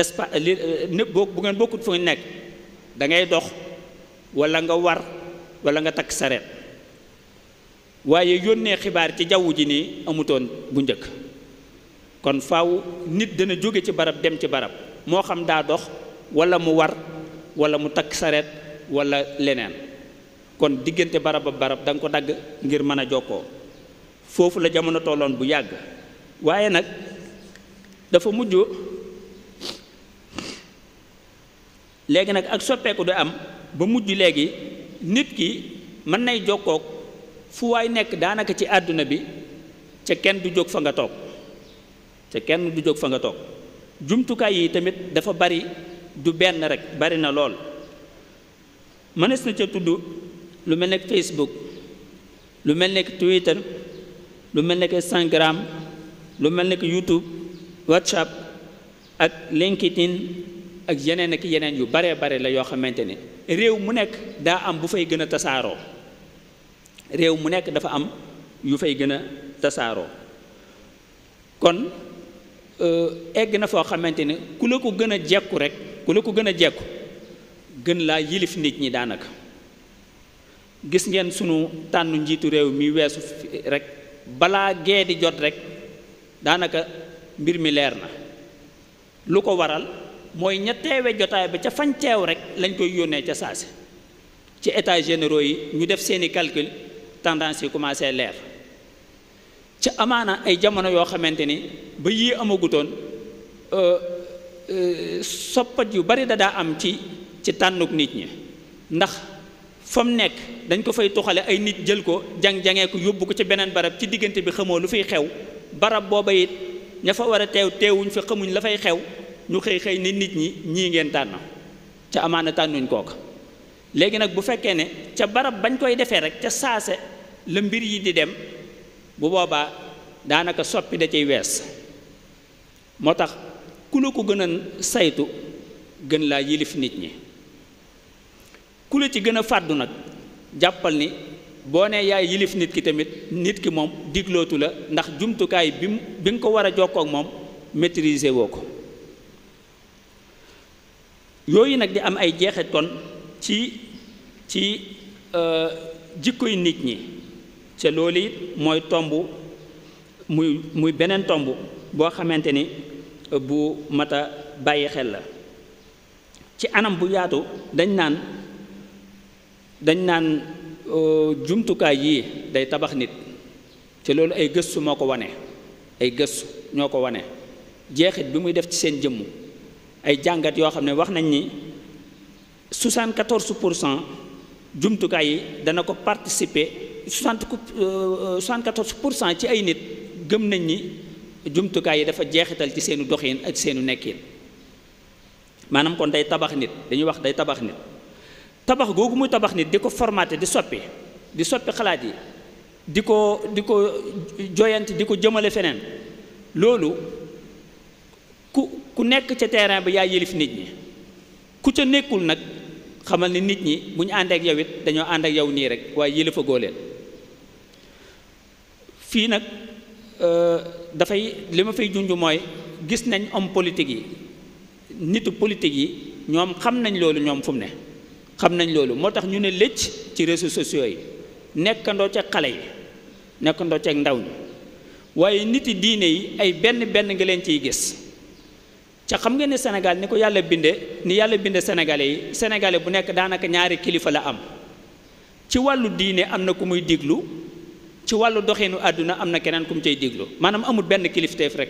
Speaker 1: espace li euh, népp bu ngeen bokkut fu ngeen nekk da ngay dox walla nga war walla nga takk sareet waaye yónnee xibaar ci jaww ji nii amutoon bu njëkk kon faw nit dana jóge ci barab dem ci barab moo xam daa dox wala mu war wala mu takk saret walla leneen kon diggante barab barab da ko dagg ngir mën a jokkoo foofu la jamono tolloon bu yàgg waaye nag dafa mujj léegi nag ak soppeeku du am ba mujj léegi nit ki mën nay jokkook fu waay nekk daanaka ci àdduna bi ca kenn du jóg fa nga toog te kenn du jóg fa nga toog jumtukaay yi tamit dafa bari du benn rek bari na lool mënees na ca tudd lu mel nekk Facebook lu mel nekk Twitter lu mel nekk Instagram lu mel nekk YouTube WhatsApp ak LinkedIn ak yeneen ak yeneen yu baree bare la yoo xamante ne réew mu nekk daa am bu fay gën a tasaaroo réew mu nekk dafa am yu fay gën a tasaaroo Euh, egg na foo xamante ne ku la ko gën a jekku rek ku la ko gën a jekku gën laa yilif nit ñi daanaka gis ngeen sunu tànn njiitu réew mi weesu rek balaa gee di jot rek daanaka mbir mi leer na lu ko waral mooy ña teewe jotaay ba ca fañ teew rek lañ koy yónnee ca saasi ci états généraux yi ñu def seeni calcul tendance yi commencé leer ca amaana ay jamono yoo xamante ni ba yii amagutoon euh, euh, soppat yu bari dadaa am ci ci tànnuk nit ñi ndax fa nekk dañ ko fay tuxale ay nit jël ko jang-jangee ko yóbbu ko ci beneen barab ci diggante bi xamoo lu fiy xew barab booba it ña fa war a teew teewuñ fi xamuñ la fay xew ñu xëy xëy ni nit ñi ñii ngeen tànn ca amaana tànnuñ kook léegi nag bu fekkee ne ca barab bañ koy defee rek ca saase la mbir yi di dem bu boobaa daanaka soppi da cay wees moo tax ku la ko gën a saytu gën laa yilif nit ñi ku la ci gën a fàddu nag jàppal ni boo nee yaay yilif nit ki tamit nit ki moom diglootu la ndax jumtukaay bi bi nga ko war a jokkoo moom maîtriser woo ko yooyu nag di am ay jeexe ton ci ci euh, jikkoy nit ñi ca loolu it mooy tomb muy muy beneen tomb boo xamante ni euh, bu mata bàyyi xel la ci anam bu yaatu dañ naan dañ naan euh, jumtukaay yii day tabax nit ci loolu ay gëstu moo ko wane ay gëstu ñoo ko wane jeexit bi muy def ci seen jëmm ay jàngat yoo xam ne wax nañ ni 74 pour cent jumtukaay yi dana ko participer soixante euh, euh, soixante quatorze pour cent ci ay nit gëm nañ ni jumtukaay yi dafa jeexital ci seenu doxin ak seenu nekkin maanaam kon day tabax nit dañuy wax day tabax nit tabax googu muy tabax nit di ko formaté di soppi di soppi xalaat yi di ko di ko joyante di ko jëmale feneen loolu ku ku nekk ca terrain bi yaa yëlif nit ñi ku ca nekkul nag xamal ni nit ñi bu ñu ànd ak yow it dañoo ànd ak yow nii rek waaye yëlifa goo leen fii nag euh, dafay li ma fay junj mooy gis nañ homme politique yi nitu politique yi ñoom xam nañ loolu ñoom fu mu ne xam nañ loolu moo tax ñu ne lëcc ci réseaux sociaux yi nekkandoo ca xale yi nekkandoo ca ndaw ñi waaye nit yi diine yi ay benn benn nga leen ciy gis ca xam nga ne senegal ni ko yàlla binde ni yàlla binde Sénégalais yi Sénégalais bu nekk daanaka ñaari kilifa la am ci wàllu diine am na ku muy diglu ci wàllu doxeenu àdduna am na keneen ku mu cay déglu maanaam amul benn kilifteef rek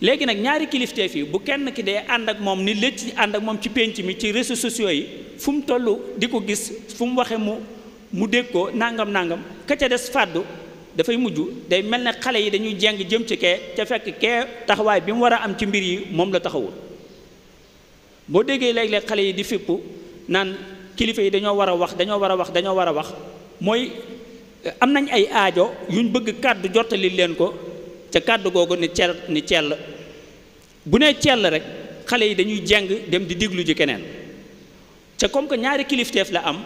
Speaker 1: léegi nag ñaari kilifteef yi bu kenn ki dee ànd ak moom ni lécc ànd ak moom ci pénc mi ci réseaux sociaux yi fu mu toll di ko gis fu mu waxee mu mu dégg ko nangam nangam ka ca des fàddu dafay mujj day mel ne xale yi dañuy jeng jëm ci kee ca fekk kee taxawaay bi mu war a am ci mbir yi moom la taxawul boo déggee léeg-léeg xale yi di fippu naan kilifa yi dañoo war a wax dañoo war a wax dañoo war a wax am nañ ay aajo yuñ bëgg kàddu jottali leen ko ca kàddu googu ne cel ni cell bu nee cell rek xale yi dañuy jeng dem di déglu ji keneen ca comme que ñaari kilifteef la am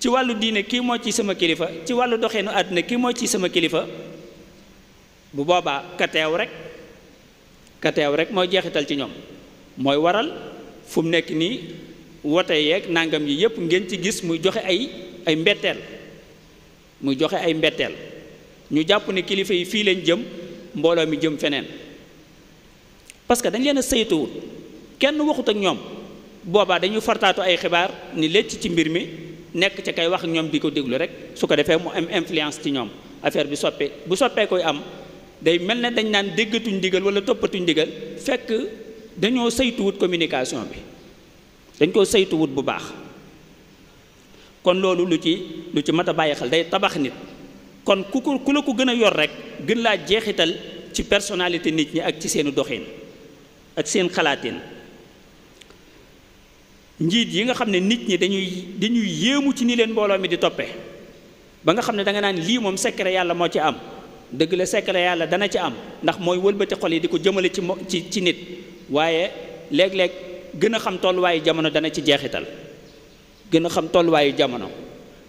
Speaker 1: ci wàllu diine kii moo ci sama kilifa ci wàllu doxeenu àddina kii moo ci sama kilifa bu boobaa kateew rek kateew rek mooy jeexital ci ñoom mooy waral fu nekk nii wote yeeg nangam yi yépp ngeen ci gis muy joxe ay ay mbetteel muy joxe ay mbetteel ñu jàpp ne kilifa yi fii leen jëm mbooloo mi jëm feneen parce que dañ leen a saytuwut kenn waxut ak ñoom boobaa dañuy fartaatu ay xibaar ni lecc ci mbir mi nekk ca kay wax ak ñoom di ko déglu rek su ko defee mu am influence ci ñoom affaire bi soppee bu soppee koy am day mel ne dañ naan déggatuñ ndigal wala toppatuñ ndigal fekk dañoo saytuwut communication bi dañ koo saytuwut bu baax kon loolu lu ci lu ci mat a bàyyi xel day tabax nit kon ku ko ku la ko gën a yor rek gën laa jeexital ci personnalité nit ñi ak ci seeni doxin ak seen xalaatin njiit yi nga xam ne nit ñi dañuy dañuy yéemu ci ni leen mbooloo mi di toppe ba nga xam ne danga naan lii moom secret yàlla moo ci am dëgg la secret yàlla dana ci am ndax mooy wëlbati xol yi di ko jëmale ci ci ci nit waaye léeg-léeg gën a xam tollu waaye jamono dana ci jeexital gën a xam tolluwaayu jamono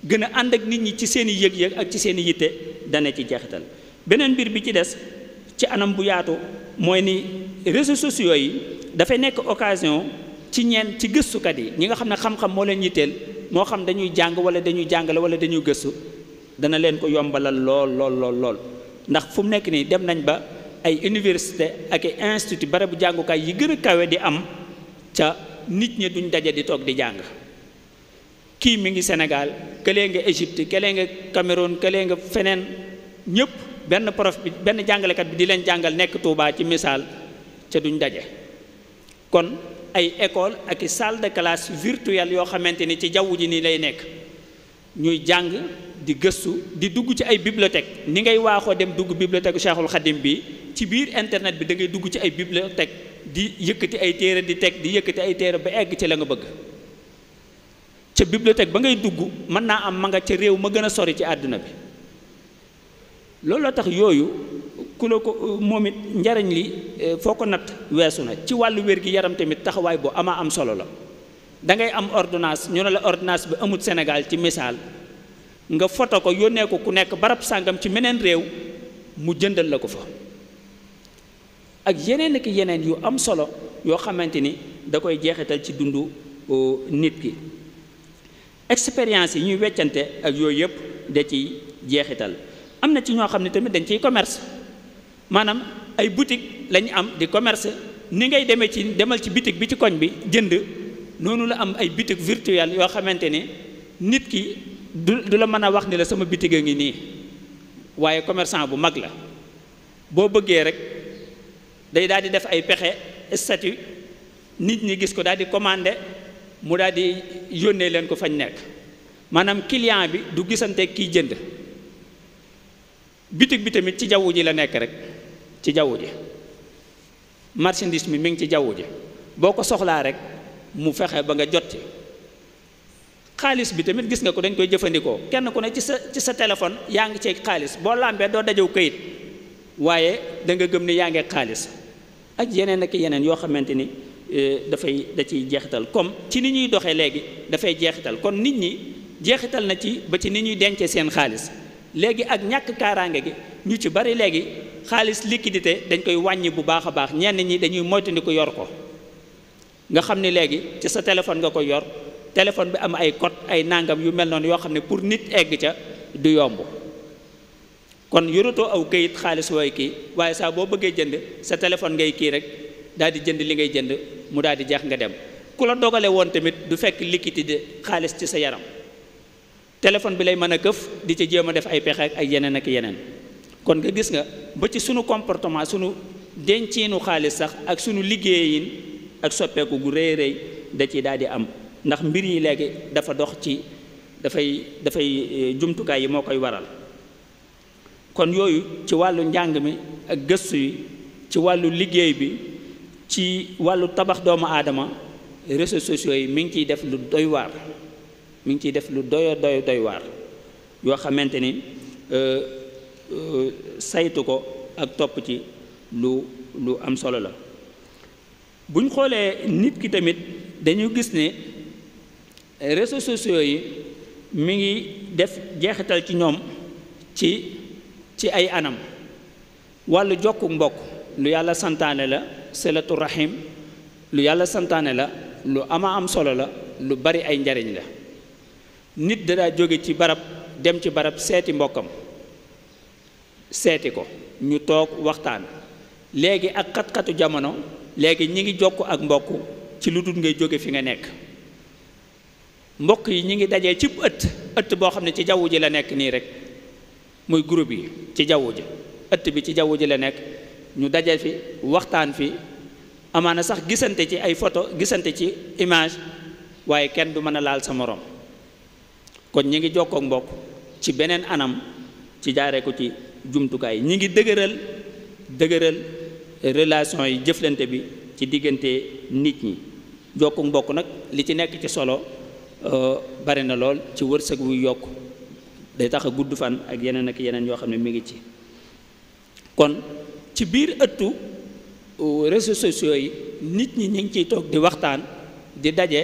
Speaker 1: gën a ànd ak nit ñi ci seen i yëg-yëg ak ci seen i yitte dana ci jeexital beneen mbir bi ci des ci anam bu yaatu mooy ni réseaux sociaux yi dafay nekk occasion ci ñeen ci gëstukat yi ñi nga xam ne xam-xam moo leen yitteel moo xam dañuy jàng wala dañuy jàngale wala dañuy gëstu dana leen ko yombalal lool lool lool ndax fu mu nekk nii dem nañ ba ay université ak ay institut barabu jàngukaay yi gën a kawe di am ca nit ñi duñ daje di toog di jàng kii mi ngi Sénégal këlee nga Égypte këlee nga Cameroun këlee nga feneen ñëpp benn prof bi benn jàngalekat bi di leen jàngal nekk Touba ci misaal ca duñ daje kon ay école ak i salle de virtuelle yoo xamante ni ci jaww ji nii lay nekk ñuy jàng di gëstu di dugg ci ay bibliothèque ni ngay waaxoo dem dugg bibliothèque Cheikhul Khadim bi ci biir internet bi da ngay dugg ci ay bibliothèque di yëkkati ay téere di teg di yëkkati ay téere ba egg ci la nga bëgg ca bibliothèque ba ngay dugg mën naa am ma nga ca réew ma gën a sori ci àdduna bi loolu tax yooyu ku la ko moom it njariñ li eh, foo ko natt weesu na ci wàllu wér gi yaram tamit taxawaay boo amaa am solo la da ngay am ordonnance ñu ne la ordonnance bi amut senegal ci misaal nga foto ko yónnee ko ku nekk barab sàngam ci meneen réew mu jëndal la ko fa ak yeneen ak yeneen yu am solo yoo xamante ni da koy jeexital ci dundu oh, nit ki expérience yi ñuy weccante ak yooyu yëpp da ciy jeexital am na ci ñoo xam ne tamit dañ ciy commerce maanaam ay boutique lañu am di commerce ni ngay demee ci demal ci boutique bi ci koñ bi jënd noonu la am ay boutique virtuelle yoo xamante ne nit ki du du la mën a wax ni la sama boutique a ngi nii waaye commerçant bu mag la boo bëggee rek day daal di def ay pexe statut nit ñi gis ko daal di commander mu daal di yónnee leen ko fañ nekk maanaam client bi du gisante kiy jënd bitig bi tamit ci jaww ji la nekk rek ci jaww ji marchandise bi mi ngi ci jaww ji boo ko soxlaa rek mu fexe ba nga jot ci xaalis bi tamit gis nga ko dañ koy jëfandikoo kenn ku ne ci sa ci sa téléphone yaa ngi ceeg xaalis boo làmbee doo dajew kayit waaye danga gëm ni yaa ngi xaalis ak yeneen ak yeneen yoo xamante ni. Euh, dafay da ciy jeexital comme ci ni ñuy doxee léegi dafay jeexital kon nit ñi jeexital na ci ba ci ni ñuy dencee seen xaalis léegi ak ñàkk kaaraange gi ñu ci bari léegi xaalis liquidité dañ koy wàññi bu baax a baax ñenn ñi dañuy moytandiku yor ko nga xam ni léegi ci sa téléphone nga koy yor téléphone bi am ay code ay nàngam yu mel noonu yoo xam ne pour nit egg ca du yomb kon yoratoo aw kayit xaalis wooy kii waaye saa boo bëggee jënd sa téléphone ngay kii rek daal di jënd li ngay jënd mu daal di jeex nga dem ku la dogale woon tamit du fekk de xaalis ci sa yaram téléphone bi lay mën a këf di ci jéem a def ay pexe ak yeneen ak yeneen kon nga gis nga ba ci sunu comportement sunu denciinu xaalis sax ak sunu liggéeyin ak soppeeku gu rëy rëy da ciy daal di am ndax mbir yi léegi dafa dox ci dafay dafay eh, jumtukaay yi moo koy waral kon yooyu ci wàllu njàng mi ak gëstu yi ci wàllu liggéey bi ci wàllu tabax doomu aadama réseaux sociaux yi mi ngi ciy def lu doy waar mi ngi ciy def lu doyo doy doy waar yoo xamante ni euh, euh, saytu ko ak topp ci lu lu am solo la buñ xoolee nit ki tamit dañu gis ni réseaux sociaux yi mu ngi def jeexital ci ñoom ci ci ay anam wàllu jokku mbokk lu yàlla santaane la silatu rahim lu yàlla santaane la lu am a am solo la lu bari ay njariñ la nit da jóge ci barab dem ci barab seeti mbokkam seeti ko ñu toog waxtaan léegi ak xat-xatu jamono léegi ñi ngi jokk ak mbokk ci lu dul ngay jóge fi nga nekk mbokk yi ñi ngi dajee cib ëtt ëtt boo xam ne ci jaww ji la nekk nii rek muy groupe yi ci jaww ji ëtt bi ci jaww ji la nekk ñu daje fi waxtaan fi amaana sax gisante ci ay photo gisante ci image waaye kenn du mën a laal sa moroom kon ñi ngi jokkook mbokk ci beneen anam ci jaare ko ci jumtukaay yi ñi ngi dëgëral dëgëral relation yi jëflante bi ci diggante nit ñi jokkook mbokk nag li ci nekk ci solo euh, bari na lool ci wërsëg wu yokk day tax a gudd fan ak yeneen ak yeneen yoo xam ne mi ngi ci kon ci biir ëttu euh, réseaux sociaux yi nit ñi ñu ngi ciy toog di waxtaan di daje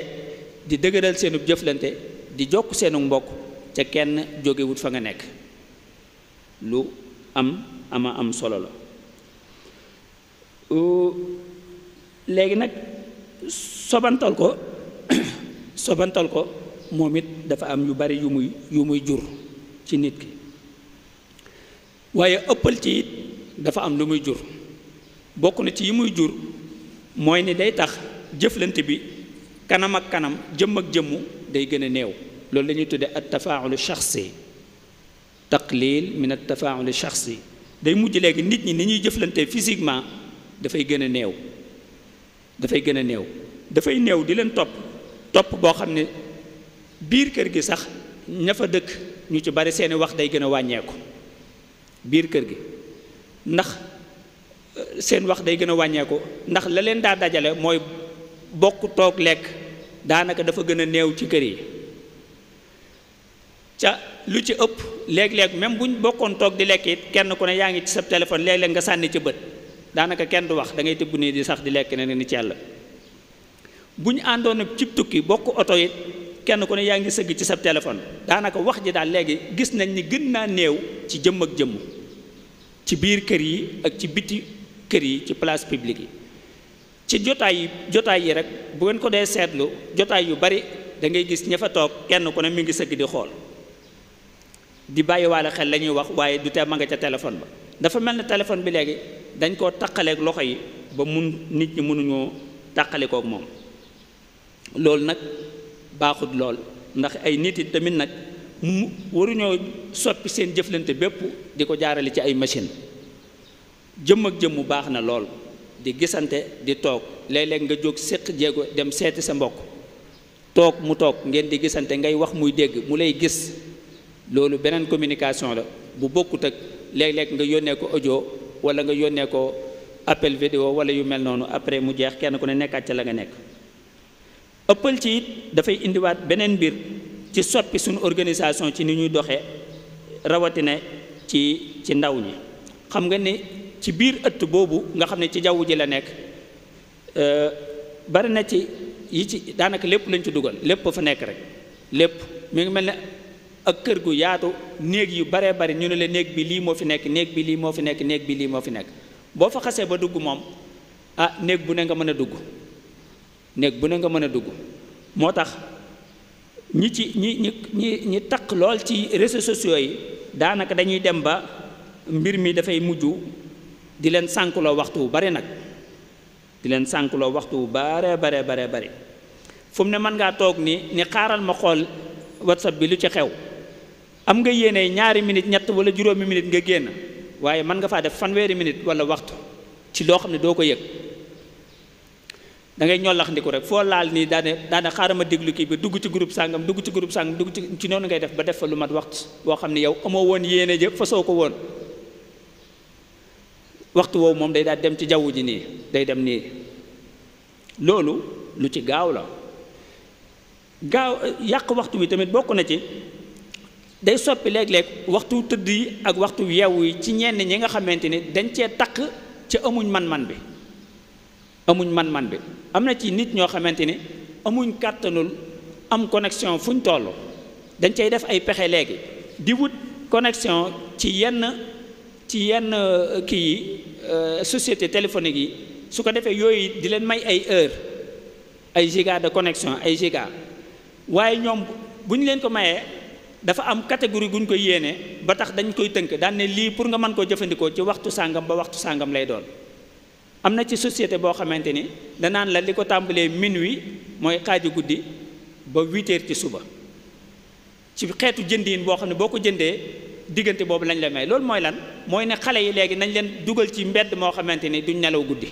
Speaker 1: di dëgëral seenub jëflante di jokk seenu mbokk ca kenn jógewut fa nga nekk lu am ama am solo la euh, léegi nag sobantal ko sobantal ko moom it dafa am yu bari yu muy yu muy jur ci nit ki waaye ëppal ci it dafa am lu muy jur bokk na ci yi muy jur mooy ni day tax jëflante bi kanam ak kanam jëm ak jëmmu day gën a néew loolu lañuy ñuy tudde at tafaulu taq taqlil min at tafauli shaxsi day mujj léegi nit ñi ni ñuy jëflante physiquement dafay gën a néew dafay gën a néew dafay néew di leen topp topp boo xam ne biir kër gi sax ña fa dëkk ñu ci bari seeni wax day gën a wàññeeku biir kër gi ndax euh, seen wax day gën a wàññeeku ndax la leen daa dajale mooy bokk toog lekk daanaka dafa gën a néew ci kër yi ca lu ci ëpp léeg-léeg même bu ñu bokkoon toog di lekk it kenn ku ne yaa ngi ci sa téléphone léeg nga sànni ci bët daanaka kenn du wax da nii di sax di lekk ne ni ci yàlla bu ñu àndoon bokk oto it kenn ku ne yaa ngi sëgg ci sa téléphone daanaka wax ji daal léegi gis nañ ni gën naa néew ci jëmm ak jëmm ci biir kër yi ak ci biti kër yi ci place publique yi ci jotaay yi jotaay yi rek bu ngeen ko dee seetlu jotaay yu bari da ngay gis ña fa toog kenn ku ne mi ngi sëgg di xool di bàyyiwaale xel lañuy wax waaye du tee a nga ca téléphone ba dafa mel ne téléphone bi léegi dañ koo taqaleek loxo yi ba mun nit ñi mënuñoo taqale koog moom loolu nag baaxut lool ndax ay nit yi tamit nag mu waruñoo soppi seen jëflante bépp di ko jaarale ci ay machine jëm ak jëm jëmm baax na lool di gisante di toog léeg-léeg nga jóg séq jéego dem seeti sa mbokk toog mu toog ngeen di gisante ngay wax muy dégg mu lay gis loolu beneen communication la bu bokkut ak léeg-léeg nga yónnee ko audio wala nga yónnee ko appel vidéo wala yu mel noonu après mu jeex kenn ku ne nekkaat ca la nga nekk ëppal ci it dafay indiwaat beneen mbir ci soppi suñu organisation ci ni ñuy doxe rawatina ci ci ndaw ñi xam nga ni ci biir ëtt boobu nga xam ne ci jaww ji la nekk euh, bari na ci yi ci daanaka lépp lañ ci dugal lépp fa nekk rek lépp mu ngi mel ne ak kër gu yaatu néeg yu baree bari ñu ne la néeg bi lii moo fi nekk néeg bi lii moo fi nekk néeg bi lii moo fi nekk boo fa xasee ba dugg moom ah néeg bu ne nga mën a dugg néeg bu ne nga mën a dugg moo tax ñi ci ñi ñi ñi ñi takk lool ci réseaux sociaux yi daanaka dañuy dem ba mbir mi dafay mujj di leen sànkuloo waxtu wu bari nag di leen sànkuloo waxtu wu bare bare bare bari fu mu ne mën ngaa toog ni ni xaaral ma xool whatsapp bi lu ci xew am nga yéene ñaari minute ñett wala juróomi minute nga génn waaye mën nga faa def fanweeri minute wala waxtu ci loo xam ne doo ko yëg dangay ngay ñollax rek foo laal nii daane daane xaaral ma déglu kii bi dugg ci groupe sàngam dugg ci groupe sàngam dugg ci ci noonu ngay def ba def fa lu mat waxtu boo xam ne yow amoo woon yéene jëpp fa soo ko woon waxtu woowu moom day daal dem ci jaww ji nii day dem nii loolu lu ci gaaw la gaaw yàq waxtu wi tamit bokk na ci day soppi léeg-léeg waxtu tëdd yi ak waxtu yeewu yi ci ñenn ñi nga xamante ni dañ cee takk ci amuñ man-man bi amuñ man-man bi am na ci nit ñoo xamante ni amuñ kàttanul am fu ñu toll dañ cay def ay pexe léegi di wut connexion ci yenn ci yenn euh, kii yi euh, société téléphonique yi su ko defee yooyu di leen may ay heure ay giga de connexion ay giga waaye ñoom bu ñu leen ko mayee dafa am catégorie guñ ko yéenee ba tax dañ koy tënk daan ne lii pour nga mën koo jëfandikoo ci waxtu sàngam ba waxtu sàngam lay doon am na ci société boo xamante ni danaan la li ko tàmbalee minuit mooy xaaju guddi ba huit ci suba ci xeetu jënd jëndiin boo xam ne boo ko jëndee diggante boobu lañ la may loolu mooy lan mooy ne xale yi léegi nañ leen dugal ci mbedd moo xamante ni duñu nelaw guddi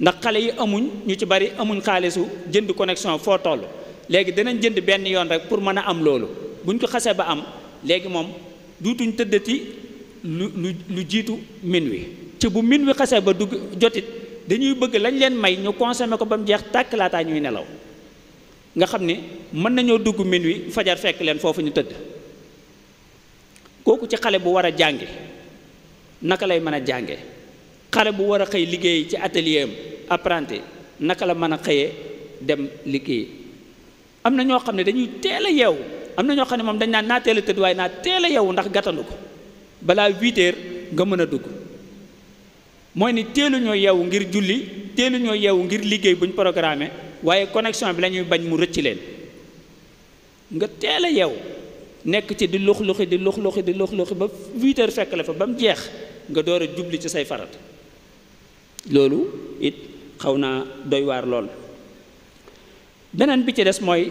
Speaker 1: ndax xale yi amuñ ñu ci bari amuñ xaalisu jënd connexion foo toll léegi danañ jënd benn yoon rek pour mën a am loolu buñ ko xasee ba am léegi moom duutuñ tëddati lu lu lu jiitu minuit ci bu min wi xasee ba dugg jotit dañuy bëgg lañ leen may ñu consommé ko ba mu jeex tàkk laataa ñuy nelaw nga xam ne mën nañoo dugg min wi fajar fekk leen foofu ñu tëdd kooku ci xale bu war a jànge naka lay mën a jànge xale bu war a xëy liggéey ci atelier am apprenti naka la mën a xëyee dem liggéey am na ñoo xam ne dañuy teel a yeewu am na ñoo xam ne moom dañ naan naa teel a tëdd waaye naa teel a yeewu ndax gàttandu ko balaa 8 nga mën a dugg mooy ni teeluñoo yeewu ngir julli ñoo yeewu ngir liggéey buñ programmé waaye connexion bi lañuy bañ mu rëcc leen nga teel a nekk ci di lux luxi di lux luxi di lux luxi ba 8 heures fekk la fa ba mu jeex nga door a jubli ci say farat loolu it xaw naa doy waar lool beneen bi ci des mooy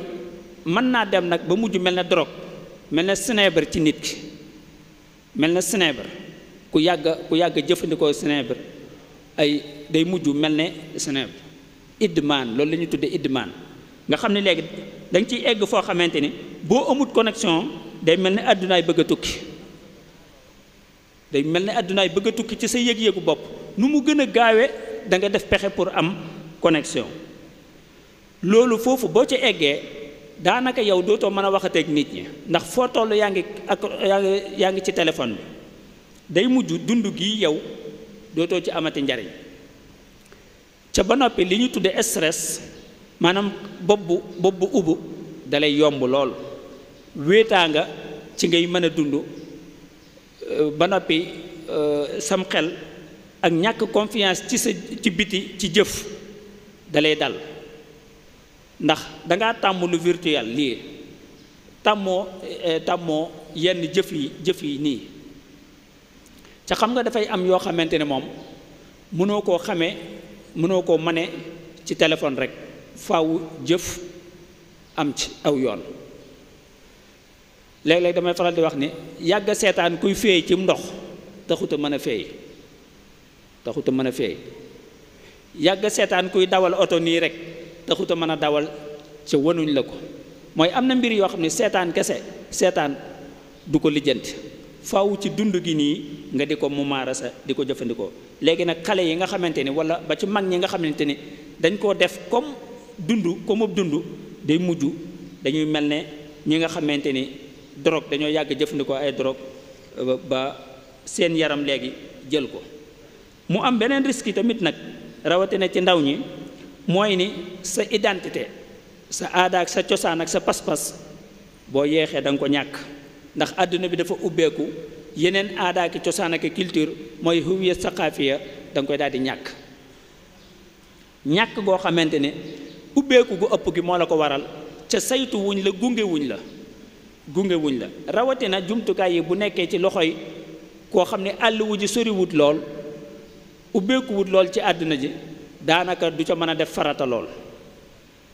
Speaker 1: mën naa dem nag ba mujj mel na drogue mel na sineebar ci nit ki mel na sineebar ku yàgg ku yàgg jëfandikoo sineebar ay day mujj mel ne sene idmaan loolu la ñuy tuddee idmaan nga xam ne léegi danga ciy egg foo xamante ni boo amut connexion day mel ne àddunaay bëgg a tukki day mel ne àddunaay bëgg a tukki ci sa yëg-yëgu bopp nu mu gën a gaawe da nga def pexe pour am connexion loolu foofu boo ci eggee daanaka yow dootoo mën a waxateeg nit ñi ndax foo toll yaa ngi ak yaa ngi ci téléphone bi day mujj dund gi yow dootoo ci amati njariñ ca ba noppi li ñu tudde stress maanaam bopp bu bopp bu ubbu dalay yomb lool wéetaa nga ci ngay mën a dund euh, ba noppi euh, sam xel ak ñàkk confiance ci sa ci biti ci jëf dalay dal ndax danga tàmm lu virtuel lii tàmmoo euh, tàmmoo yenn jëf yi jëf yi nii ca xam nga dafay am yoo xamante ne moom mënoo koo xamee mënoo koo mane ci téléphone rek faw jëf am ci aw yoon léeg-léeg damay faral di wax ni yàgg seetaan kuy féey ci ndox taxut a mën a féey taxut mën a féey yàgg seetaan kuy dawal oto nii rek taxut a mën a dawal ca wanuñ la ko mooy am na mbir yoo xam ne seetaan kese seetaan du ko lijjanti faw ci dund gi nii nga di ko mu maarasa di ko jëfandikoo léegi nag xale yi nga xamante ni wala ba ci mag ñi nga xamante ni dañ koo def comme dund comme ab dund day mujj dañuy mel ne ñi nga xamante ni drogue dañoo yàgg jëfandikoo ay drogue euh, ba seen yaram léegi jël ko mu am beneen risque yi tamit nag rawatina ci ndaw ñi mooy ni sa identité sa aada ak sa cosaan ak sa pas-pas boo yéexee danga ko ñàkk ndax àdduna bi dafa ubbeeku yeneen aada ak cosaan ak culture mooy huwiya saqaafiya da nga koy daal di ñàkk ñàkk goo xamante ne ubbeeku gu ëpp gi moo la ko waral ca saytu wuñ la gunge wuñ la gunge la rawatina jumtukaay yi bu nekkee ci loxo yi koo xam ne àll wu ji soriwut lool ubbeekuwut lool ci àdduna ji daanaka du ca mën a def farata lool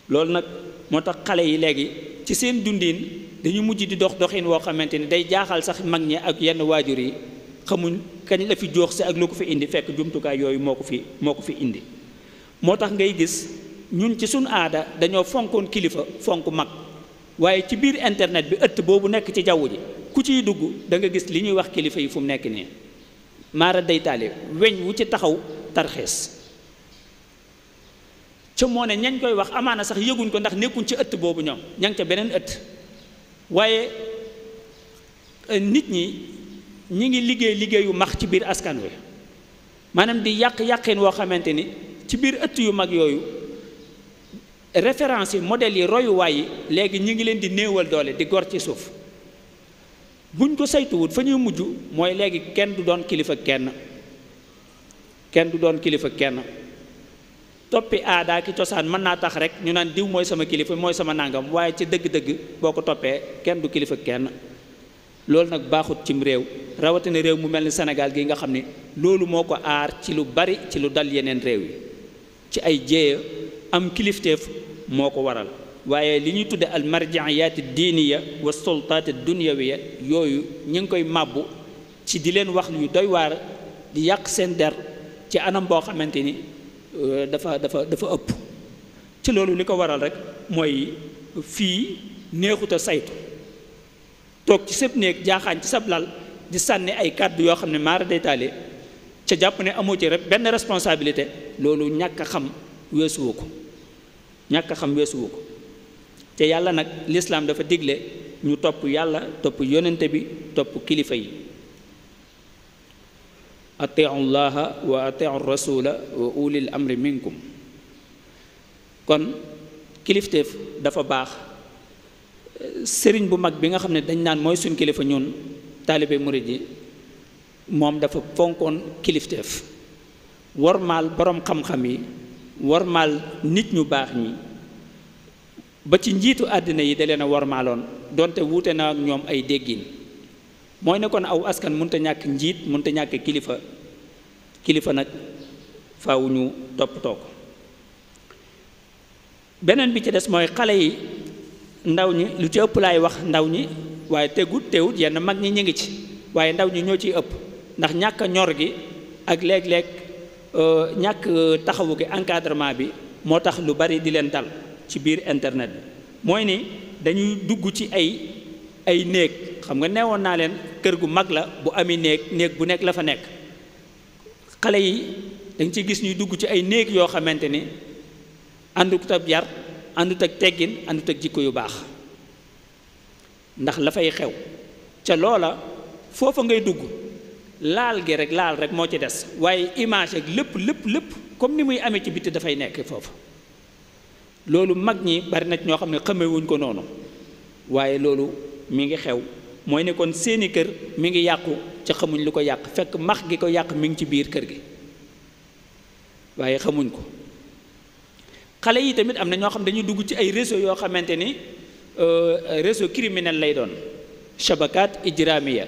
Speaker 1: loolu nag moo tax xale yi léegi ci seen dundiin dañu mujj di dox doxin woo xamante ni day jaaxal sax mag ñi ak yenn waajur yi xamuñ kañ la fi joox si ak lu ko fi indi fekk jumtukaay yooyu moo ko fi moo ko fi indi moo tax ngay gis ñun ci suñu aada dañoo fonkoon kilifa fonk mag waaye ci biir internet bi ëtt boobu nekk ci jaww ji ku ciy dugg danga gis li ñuy wax kilifa yi fu mu nekk nii maara day weñ wu ci taxaw tarxees ca moo ne ñañ koy wax amaana sax yëguñ ko ndax nekkuñ ci ëtt boobu ñoom ña ca beneen ëtt waaye euh, nit ñi ñi ngi liggéey liggéeyu max ci biir askan wi maanaam di yàq yàqin woo xamante ni ci biir ëtt yu mag yooyu référence yi modèles yi royuwaay yi léegi ñu ngi leen di néewal doole di gor ci suuf buñ ko saytuwut fa ñuy mujj mooy léegi kenn du doon kilifa kenn kenn du doon kilifa kenn toppi aadaa ki cosaan mën naa tax rek ñu naan diw mooy sama kilifa mooy sama nàngam waaye ci dëgg-dëgg boo ko toppee kenn du kilifa kenn loolu nag baaxut cim réew rawatina réew mu mel ni Sénégal gi nga xam ne loolu moo ko aar ci lu bari ci lu dal yeneen réew yi ci ay jéeya am kilifteef moo ko waral waaye li ñuy tudde al marjaiyaati diiniya wa sultaati ya yooyu ñu ngi koy màbbu ci di leen wax yu doy waar di yàq seen der ci anam boo xamante ni Euh, dafa dafa dafa ëpp ci loolu li ko waral rek mooy fii neexuta saytu toog ci sëb néeg jaaxaan ci sab lal di sànni ay kàddu yoo xam ne maara day taale ca jàpp ne amoo ci rek benn responsabilité loolu ñàkk xam weesuwu ko ñàkk xam weesuwu ko te yàlla nag lislaam dafa digle ñu topp yàlla topp yonente bi topp kilifa yi atiu llaha wa atiu rasula amri minkum kon kilifteef dafa baax sëriñ bu mag bi nga xam ne dañ naan mooy suñ kilifa ñun taalibe murid yi moom dafa fonkoon kilifteef wormaal boroom xam-xam yi wormaal nit ñu baax ñi ba ci njiitu àddina yi da leen a wormaaloon donte wuute na ñoom ay déggin mooy ne aw askan mënta ñàkk njiit mënta ñàkk kilifa kilifa nag faaw ñu toppatoo ko beneen bi ci des mooy xale yi ndaw ñi lu ci ëpp laay wax ndaw ñi waaye tegut teewut yenn mag ñi ñu ngi ci waaye ndaw ñi ñoo ciy ëpp ndax ñàkk ñor gi ak léeg-léeg euh, ñàkk taxawu gi encadrement bi moo tax lu bari di leen dal ci biir internet bi mooy ni dañuy dugg ci ay ay néeg xam nga neewoon naa leen kër gu mag la bu ami néeg néeg bu nekk la fa nekk xale yi dañ ci gis ñuy dugg ci ay néeg yoo xamante ni àndut ak yar àndut ak teggin àndut jikko yu baax ndax lafay xew ca loola foofa ngay dugg laal gi rek laal rek moo ci des waaye image ak lépp lépp lépp comme ni muy amee ci bitti dafay nekk foofu loolu mag ñi bari na ñoo xam ne xamewuñ ko noonu waaye loolu mi ngi xew mooy ne kon seeni kër mi ngi yàqu ci xamuñ lu ko yàq fekk max gi ko yàq mi ngi ci biir kër gi waaye xamuñ ko xale yi tamit am na ñoo xam dañuy dugg ci ay réseau yoo xamante ni euh, réseau criminel lay doon shabakat ijramiya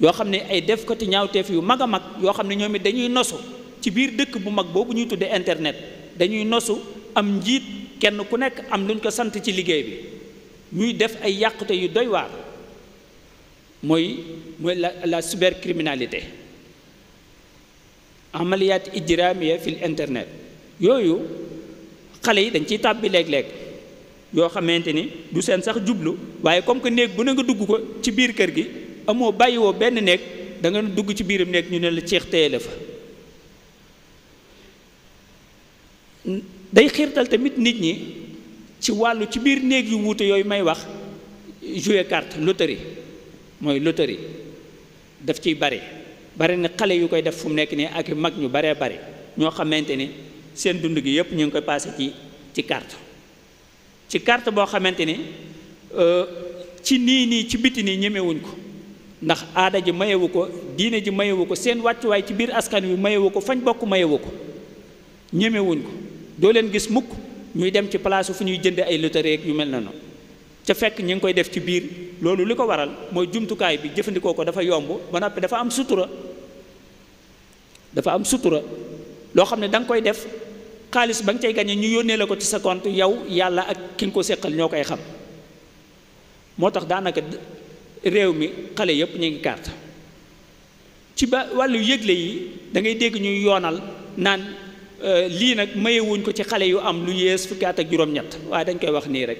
Speaker 1: yoo xam ne ay def ko ti ñaawteef yu mag a mag yoo xam ne ñoom it dañuy nosu ci biir dëkk bu mag boobu ñuy tuddee internet dañuy nosu am njiit kenn ku nekk am luñ ko sant ci liggéey bi ñuy def ay yàqute yu doy waar mooy mooy la la criminalité amaliyaat ijramiya fil internet yooyu xale yi dañ ciy tàbbi léeg-léeg yoo xamante ni du seen sax jublu waaye comme que néeg bu ne nga dugg ko ci biir kër gi amoo bàyyiwoo benn néeg da dugg ci biiram néeg ñu ne la ceex téye la fa day xiirtal tamit nit ñi ci wàllu ci biir néeg yu wuute yooyu may wax jouer carte loterie mooy loterie def ciy bare bare na xale yu koy def fu nekk nii ak mag ñu baree bare ñoo xamante ni seen dund gi yëpp ñu ngi koy passé ci ci carte ci carte boo xamante ni euh, ci nii nii ci biti nii ñemewuñ ko ndax aada ji mayewu ko diine ji mayewu ko seen wàccuwaay ci biir askan wi mayewu ko fañ bokk mayewu ko ñemewuñ ko doo leen gis mukk ñuy dem ci place fu ñuy jënd ay loterie yu mel na noonu ca fekk ñu ngi koy def ci biir loolu li ko waral mooy jumtukaay bi jëfandikoo ko dafa yomb ba noppi dafa am sutura dafa am sutura loo xam ne danga koy def xaalis ba nga cay gañe ñu yónnee la ko ci sa compte yow yàlla ak ki nga ko séqal ñoo koy xam moo tax daanaka réew mi xale yépp ñu ngi kart ci ba wàllu yëgle yi dangay dégg ñuy yoonal naan euh, lii nag mayewuñ ko ci xale yu am lu yées fukki at ak juróom-ñett waaye dañ koy wax nii rek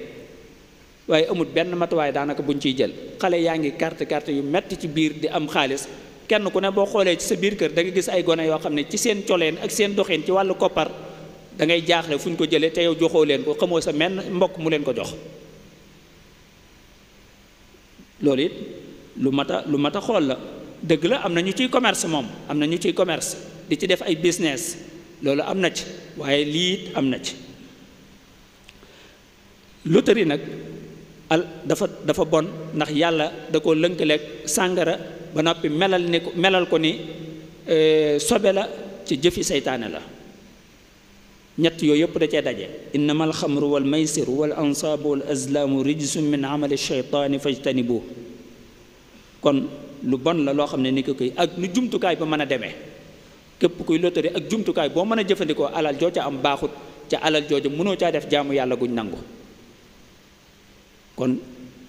Speaker 1: waaye amul benn matuwaay daanaka buñ ciy jël xale yaa ngi carte carte yu metti ci biir di am xaalis kenn ku ne boo xoolee ci sa biir kër da nga gis ay gone yoo xam ne ci seen coleen ak seen doxin ci wàllu koppar da ngay jaaxle fu ñu ko jëlee te yow joxoo leen ko xamoo sa menn mbokk mu leen ko jox loolu it lu mat a lu mat a xool la dëgg la am na ñu ciy commerce moom am na ñu ciy commerce di ci def ay business loolu am na ci waaye lii it am na ci loterie nag al dafa dafa bon ndax yàlla da koo lënkaleeg sàngara ba noppi melal ni melal ko ni e, sobe la ci jëfi seytaane la ñett yooyu yëpp da cee daje innama alxamru wal maysir wal ansaabu wal azlaamu rijsum min amali sheytaani fajtanibu kon lu bon la loo xam ne ni ko koy ak lu jumtukaay ba mën a demee képp kuy lotori ak jumtukaay boo mën a jëfandikoo alal joo ca am baaxut ca alal jooju mënoo caa def jaamu yàlla guñ nangu kon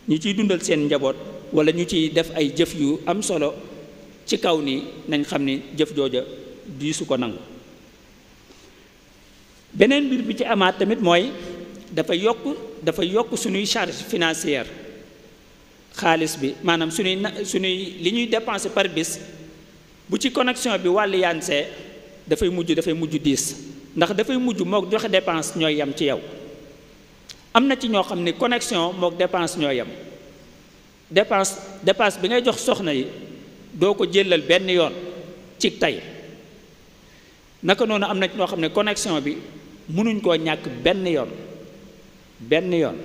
Speaker 1: ñu ciy dundal seen njaboot wala ñu ciy def ay jëf yu am solo ci kaw ni nañ xam ni jëf jooja diisu ko nangu beneen mbir bi ci amaat tamit mooy dafa yokk dafa yokk suñuy charge financière xaalis bi maanaam suñuy na suñuy li ñuy dépenser par bis bu ci connexion bi wàllu yaansee dafay mujj dafay mujj diis ndax dafay mujj mook joxe dépense ñooy yam ci yow am na ci ñoo xam ne connexion mook dépense ñoo yem dépense dépense bi ngay jox soxna yi doo ko jëlal benn yoon ci tey naka noonu am na ci ñoo xam ne connexion bi mënuñ koo ñàkk benn yoon benn yoon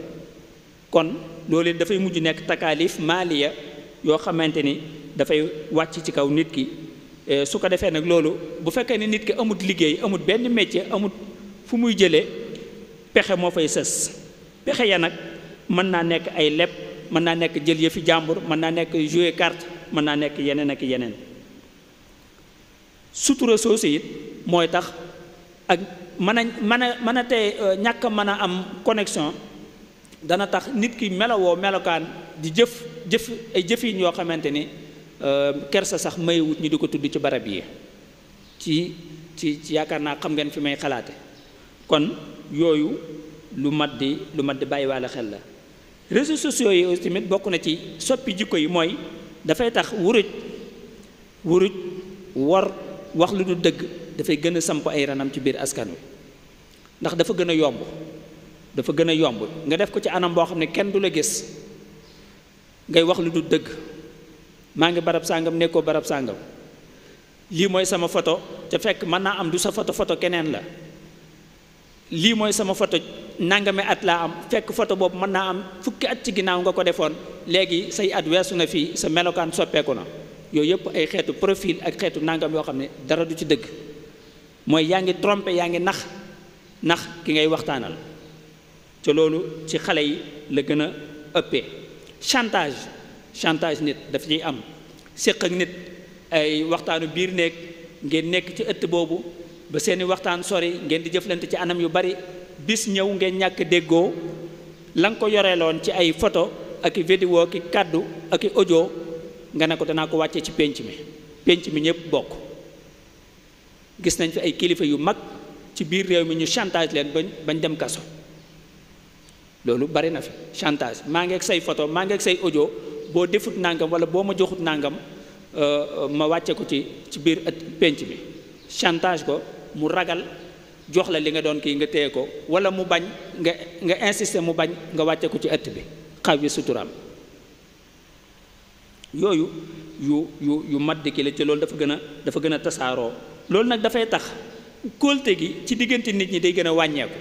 Speaker 1: kon loolu dafay mujj nekk takaalif maaliya yoo xamante ni dafay wàcc ci kaw nit ki eh, su ko defee nag loolu bu fekkee ne nit ki amut liggéey amut benn métier amut fu muy jëlee pexe moo fay sës pexe ya nag mën naa nekk ay leb mën naa nekk jël yëfi jàmbur mën naa nekk jouer carte mën naa nekk yeneen ak yeneen sutura soosu it mooy tax ak mën a mën a mën a tey euh, ñàkk mën a am connexion dana tax nit ki melowoo melokaan di jëf jëf ay jëfin yoo xamante ni euh, kersa sax mayewut ñu di ko tudd ci barab yi ci ci yaakaar naa xam ngeen fi may xalaate kon yooyu lu mat di lu mat di bàyyiwaale xel la réseaux sociaux yi aussi bokk na ci soppi jikko yi mooy dafay tax wuruj wuruj war wax lu du dëgg dafay gën a samp ay ranam ci biir askan wi ndax dafa gën a yomb dafa gën a yomb nga def ko ci anam boo xam ne kenn du la gis ngay wax lu du dëgg maa ngi barab sàngam nekkoo barab sàngam lii mooy sama photo te fekk mën naa am du sa photo photo keneen la lii mooy sama photo nangame at laa am fekk foto boobu mën naa am fukki at ci ginnaaw nga ko defoon léegi say at weesu na fii sa melokaan soppeeku na yooyu yëpp ay xeetu profil ak xeetu nangam yoo xam ne dara du ci dëgg mooy yaa ngi trompé yaa ngi nax nax ki ngay waxtaanal te loolu ci xale yi la gën a ëppee chantage chantage nit daf ciy am séq ak nit ay waxtaanu biir néeg ngeen nekk ci ëtt boobu ba seeni waxtaan sori ngeen di jëflante ci anam yu bari bis ñëw ngeen ñàkk déggoo la nga ko yoreeloon ci ay photo ak i vidéo ki kàddu ak i audio nga ne ko danaa ko wàccee ci pénc mi pénc mi ñëpp bokk gis nañ fi ay kilifa yu mag ci biir réew mi ñu chantage leen ba bañ dem kaso loolu bari na fi chantage maa ngi ak say photo maa ngi ak say audio boo defut ndàngam wala boo ma joxut nangam euh, ma wàcce ko ci ci biir pénc mi chantage ko mu ragal jox la li nga doon kii nga téye ko wala mu bañ nga nga insister mu bañ nga wàcce ko ci ëtt bi xaw yi suturaam yooyu yu yu yu mat di ki ci loolu dafa gën a dafa gën a tasaaroo loolu nag dafay tax kóolte gi ci diggante nit ñi day gën a wàññeeku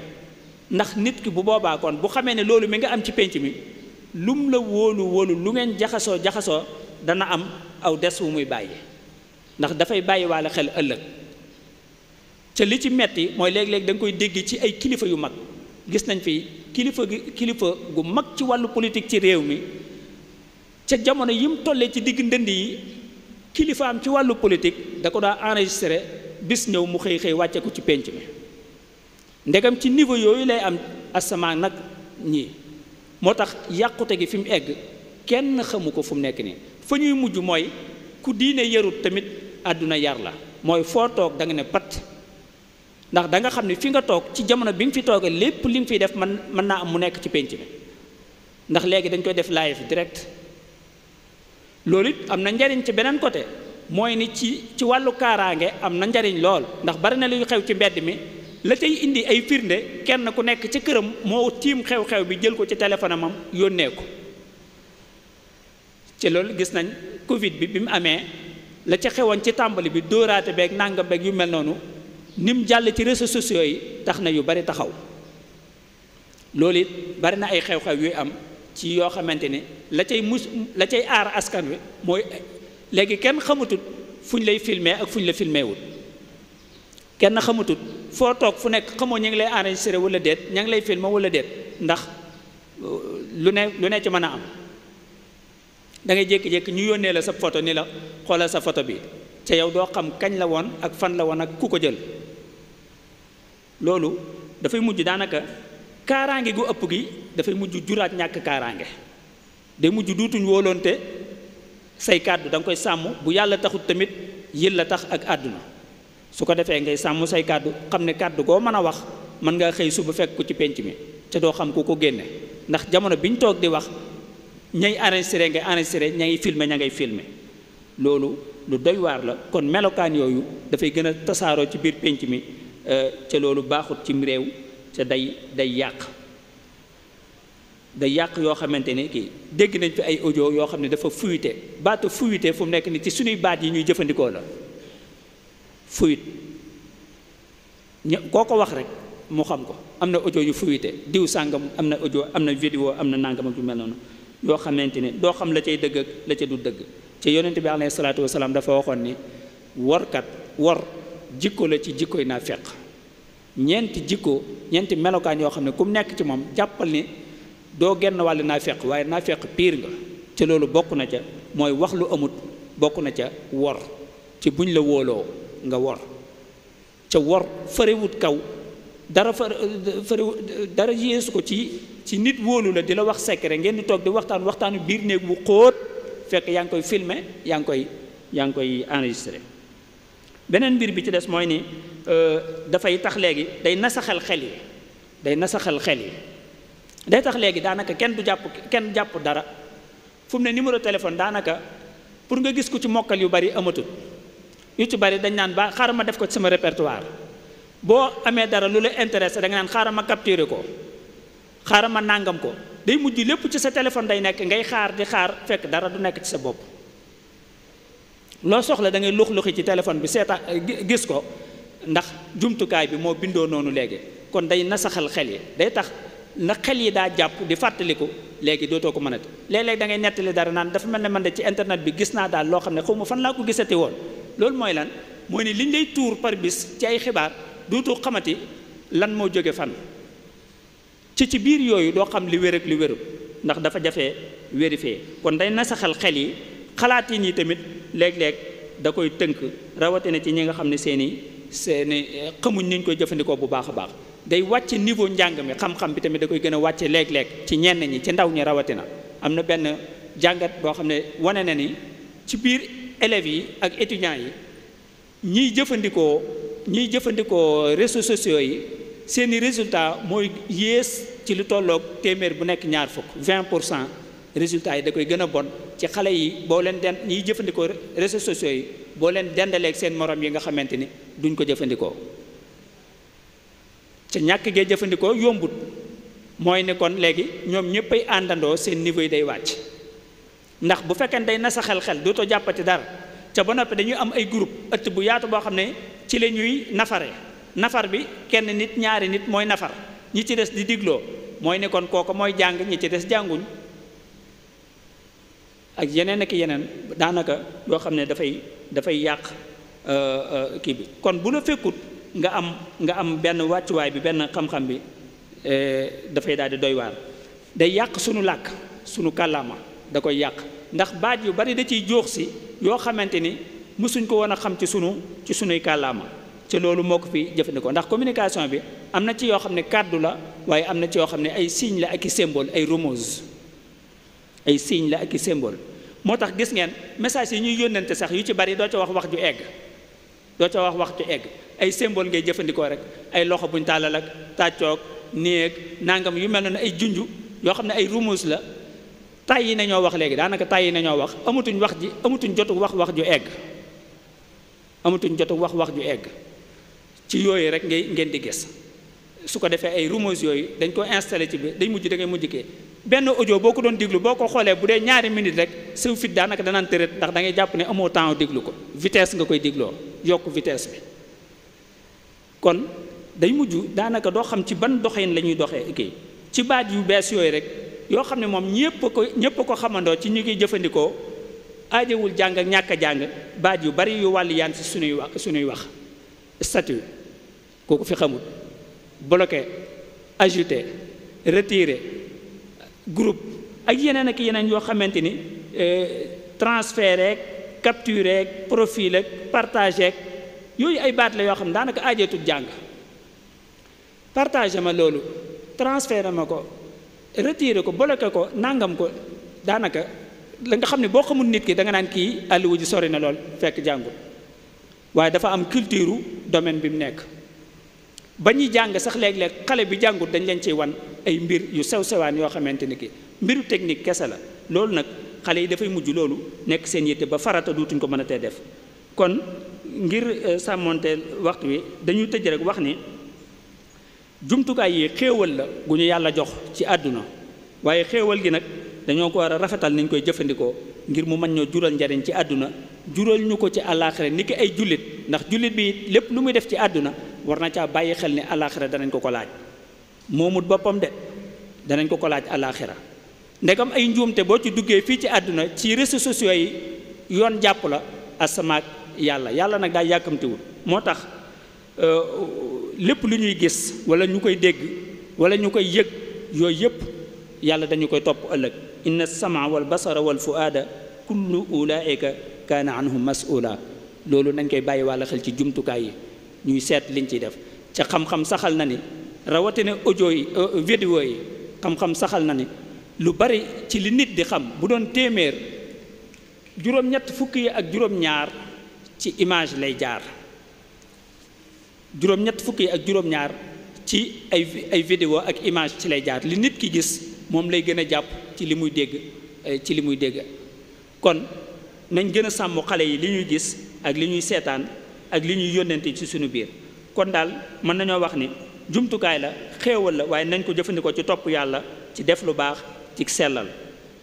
Speaker 1: ndax nit ki bu boobaakoon bu xamee ne loolu mi nga am ci pénc mi lum la wóolu wóolu lu ngeen jaxasoo jaxasoo dana am aw des wu muy bàyyi ndax dafay bàyyi waalo xel ëllëg ca li ci metti mooy léeg-léeg da koy dégg ci ay kilifa yu mag gis nañ fi kilifa gi kilifa gu mag ci wàllu politique ci réew mi ca jamono yim tollee ci digg ndënd yi kilifaam ci wàllu politique da ko daa enregistré bis ñëw mu xëy xëy wàcce ko ci pénc mi ndegam ci niveau yooyu lay am asamaan nag ñi moo tax yàqute gi fi mu egg kenn xamu ko fu mu nekk nii fa ñuy mujj mooy ku diine yarut tamit àdduna yar la mooy foo toog da ne pat ndax da nga xam ne fi nga toog ci jamono bi nga fi toogee lépp li nga fiy def man mën naa am mu nekk ci pénc mi ndax léegi dañ koy def live direct loolu it am na njariñ ci beneen côté mooy ni ci ci wàllu kaaraange am na njariñ lool ndax bari na luy xew ci mbedd mi la cay indi ay firnde kenn ku nekk ci këram moo tiim xew-xew bi jël ko ci téléphone am yónnee ko ci loolu gis nañ Covid bi bi mu amee la ca xewoon ci tàmbali bi dóoraate beeg nangam beeg yu mel noonu. ni mu jàll ci réseaux sociaux yi tax na yu bari taxaw loolu bari na ay xew-xew yuy am ci yoo xamante ne la cay mus la cay aar askan wi mooy léegi kenn xamatut fu lay filmer ak fu la filmer wul kenn xamatut foo toog fu nekk xamoo ñu ngi lay enregistré wala déet ña lay filmer wala déet ndax euh, lu ne lu ne ci mën a am da ngay jékki ñu yónnee la sa photo ni la xoolal sa photo bi ca yow doo xam kañ la woon ak fan la woon ak ku ko jël loolu dafay mujj daanaka kaaraange gu ëpp gi dafay mujj juraat ñàkk kaaraange day mujj duutuñ wooloonte say kàddu danga koy sàmm bu yàlla taxut tamit yil la tax ak àdduna su ko defee ngay sàmm say kàddu xam ne kàddu goo mën a wax mën ngaa xëy suba fekk ko ci penc mi te doo xam ku ko génne ndax jamono bi ñu toog di wax ñay enregistré nga enregistré ña filme filmé ña ngay filme loolu lu doy waar la kon melokaan yooyu dafay gën a tasaaroo ci biir penc mi ca loolu baaxut cim réew te day day yàq day yàq yoo xamante ne kii dégg nañ fi ay audio yoo xam ne dafa fuyute baatu fuyute fu nekk ni ci suñuy baat yi ñuy jëfandikoo la fuyut koo ko wax rek mu xam ko am na audio yu fuyute diw sàngam am na audio am na vidéo am na nangam ak yu mel noonu yoo xamante ne doo xam la cay dëgg ak la ca du dëgg ci yonent bi alayhi salaatu wasalaam dafa waxoon ni workat wor jikko la ci jikko jikkoy naafeq ñeenti jikko ñeenti melokaan yoo xam ne ku mu nekk ci moom jàppal ni doo genn wàll naafeq waaye naafeq piir nga ci loolu bokk na ca mooy wax lu amut bokk na ca wor ci buñ la wóoloo nga wor ca wor farewut kaw dara fa dara yéesu ko ci ci nit wóolu la di la wax secret ngeen di toog di waxtaan waxtaanu biir néeg bu xóot fekk yaa ngi koy filmer yaa ngi koy yaa ngi koy enregistré beneen mbir bi ci des mooy ni euh, dafay tax léegi day nasaxal xel yi day nasaxal xel yi day tax léegi daanaka kenn du jàpp kenn jàpp dara fu ne numéro téléphone daanaka pour nga gis ku ci mokkal yu bari amatul yu ci bari dañ naan ba xaaral ma def ko ci sama répertoire boo amee dara lu la intéressé da naan xaaral ma capturer ko xaaral ma nàngam ko day mujj lépp ci sa téléphone day nekk ngay xaar di xaar fekk dara du nekk ci sa bopp. loo soxla da ngay lux-luxi ci téléphone bi seeta eh, gis ko ndax jumtukaay bi moo bindoo noonu léegi kon day nasaxal xel yi day tax ndax xel yi daa jàpp di fàttaliku léegi dootoo ko mënati léeg-léeg da ngay nettali dara naan dafa mel ne man de ci internet bi gis naa daal loo xam ne xaw ma fan laa ko gisati woon loolu mooy lan mooy ni liñ lay tuur par bis ci ay xibaar dootoo xamati lan moo jóge fan ci ci biir yooyu doo xam li wér ak li wérul ndax dafa jafe vérifier kon day nasaxal xel yi xalaatin yi tamit léeg-léeg da koy tënk rawatina ci ñi nga xam ne seeni seeni eh, xamuñ niñ koy jëfandikoo bu baax a baax day wàcce niveau njàng mi xam-xam bi tamit da koy gën a wàcce léeg-léeg ci ñenn ñi ci ndaw ñi rawatina am na benn jàngat boo xam ne wane na ni ci biir élèves yi ak étudiants yi ñiy jëfandikoo ñiy jëfandikoo réseaux sociaux yi seeni résultat mooy yées ci lu tolloog téeméer bu nekk ñaar fukk 20 pour cent résultat yi da koy gën a bon ci xale yi boo leen den ñiy jëfandikoo réseaux sociaux yi boo leen dendaleek seen moroom yi nga xamante ni duñ ko jëfandikoo ca ñàkk gee jëfandikoo yombut mooy ne léegi ñoom ñëppay àndandoo seen niveau yi day wàcc ndax bu fekkee day nasa xel-xel dootoo jàppati dara ca ba noppi dañuy am ay groupe ëtt bu yaatu boo xam ne ci la ñuy nafare nafar bi kenn nit ñaari nit mooy nafar ñi ci des di digloo mooy ne kon kooku mooy jàng ñi ci des jànguñ ak yeneen ak yeneen daanaka yoo xam ne dafay dafay yàq euh, euh, kii bi kon bu la fekkut nga am nga am benn wàccuwaay bi benn xam-xam bi euh, dafay daal di doy waar day yàq suñu làkk sunu kàllaama da koy yàq ndax baat yu bari da ciy jóox si yoo xamante ni mësuñ ko woon a xam ci suñu ci sunuy kàllaama ci loolu moo ko fi jëfandikoo ndax communication bi am na ci yoo xam ne kàddu la waaye am na ci yoo xam ne ay signe la ak i symbole ay remose ay siiñ la ak i symbole moo tax gis ngeen message yi ñuy yónnante sax yu ci bari doo ca wax wax ju egg doo ca wax wax ju egg ay symbole ngay jëfandikoo rek ay loxo buñ tàllal ak tàccoog néeg nàngam yu mel na noonu ay junju yoo xam ne ay rumus la tàyyi nañoo wax léegi daanaka tàyyi nañoo wax amatuñ wax ji amatuñ jotu wax wax ju egg amatuñ jotu wax wax ju egg ci yooyu rek ngay ngeen di gis su ko defee ay rumeurs yooyu dañ ko installé ci bi dañ mujj dangay mujj kee benn audio boo ko doon déglu boo ko xoolee bu dee ñaari minutes rek sëw fit daanaka danaan tërët ndax da ngay jàpp ne amoo temps déglu ko vitesse nga koy dégloo yokk vitesse bi kon day mujj daanaka doo xam ci ban doxin la ñuy doxee kii ci baat yu bees yooyu rek yoo xam ne moom ñëpp ko ñëpp ko xamandoo ci ñu ngiy jëfandikoo aajewul jàng ak ñàkk jàng baat yu bari yu wàll yaan si suñuy wax suñuy wax statut kooku fi xamul bloqué ajouté retire groupe ak yeneen ak yeneen yoo xamante ni euh, transféré capturé profil ak partagé yooyu ay baat la yoo xam ne daanaka aajeetul jàng partagé ma loolu transféré ma ko retiré ko bloqué ko nangam ko daanaka la nga xam ne boo xamul nit ki da nga naan kii àlluwa ji sori na lool fekk jàngul waaye dafa am culture domaine bi mu nekk. ba ñuy jàng sax léeg-léeg xale bi jàngut dañ leen ciy wan ay mbir yu sew sewaan yoo xamante ni ki mbiru technique kese la loolu nag xale yi dafay mujj loolu nekk seen yitte ba farata duutuñ ko mën a tee def kon ngir euh, sàmmonteel waxtu wi dañuy tëj rek wax ni jumtukaay yi xéewal la gu ñu yàlla jox ci àdduna waaye xéewal gi nag dañoo ko war a rafetal nañ koy jëfandikoo ngir mu mën ñoo jural njariñ ci àdduna jural ñu ko ci àllaaxira ni ki ay jullit ndax jullit bi lépp lu muy def ci àdduna war na caa bàyyi xel ne àllaaxira danañ ko ko laaj moomut boppam de danañ ko ko laaj àllaaxira ndegam ay njuumte boo ci duggee fii ci àdduna ci réseaux sociaux yi yoon jàpp la asamaak yàlla yàlla nag daa yàkkamtiwul moo tax euh, lépp lu ñuy gis wala ñu koy dégg wala ñu koy yëg yooyu yëpp yàlla dañu koy topp ëllëg inna samaa wal basara wal fuaada kullu ulaika kaana anhu masula loolu nañ koy bàyyi wàlla xel ci jumtukaay yi ñuy seet liñ ciy def ca xam-xam saxal na ni rawatina ojo yi euh, euh, vidéo yi xam-xam saxal na ni lu bari ci li nit di xam bu doon téeméer juróom-ñett fukk ak juróom-ñaar ci image lay jaar juróom-ñett fukk ak juróom-ñaar ci ay ay ak image ci lay jaar li nit ki gis moom lay gën a jàpp ci li muy dégg eh, ci li muy dégg kon nañ gën a sàmm xale yi li ñuy gis ak li ñuy seetaan ak li ñuy yónnante ci suñu biir kon daal mën nañoo wax ni jumtukaay la xéewal la waaye nañ ko jëfandikoo ci topp yàlla ci def lu baax ci sellal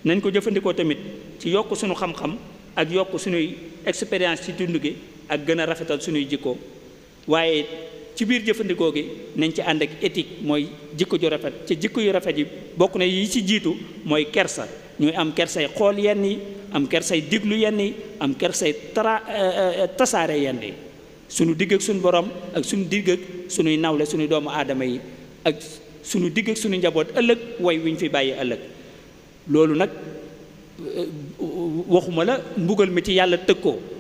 Speaker 1: nañ ko jëfandikoo tamit ci yokk suñu xam-xam ak yokk suñuy expérience ci dund gi ak gën a rafetal suñuy jikko waaye ci biir jëfandikoo gi nañ ci ànd ak éthique mooy jikko ju rafet ci jikk yu rafet yi bokk na yi ci jiitu mooy kersa ñooy am kersay xool yenn yi am kersay diglu yenn yi am kersay tara euh, euh, euh, tasaare yenn yi suñu digg ak suñu borom ak suñu digg ak suñuy nawle suñu doomu aadama yi ak suñu digg suñu njaboot ëllëg woy wi ñu fi bàyyi ëllëg loolu nag waxuma la mbugal mi ci yàlla tëkkoo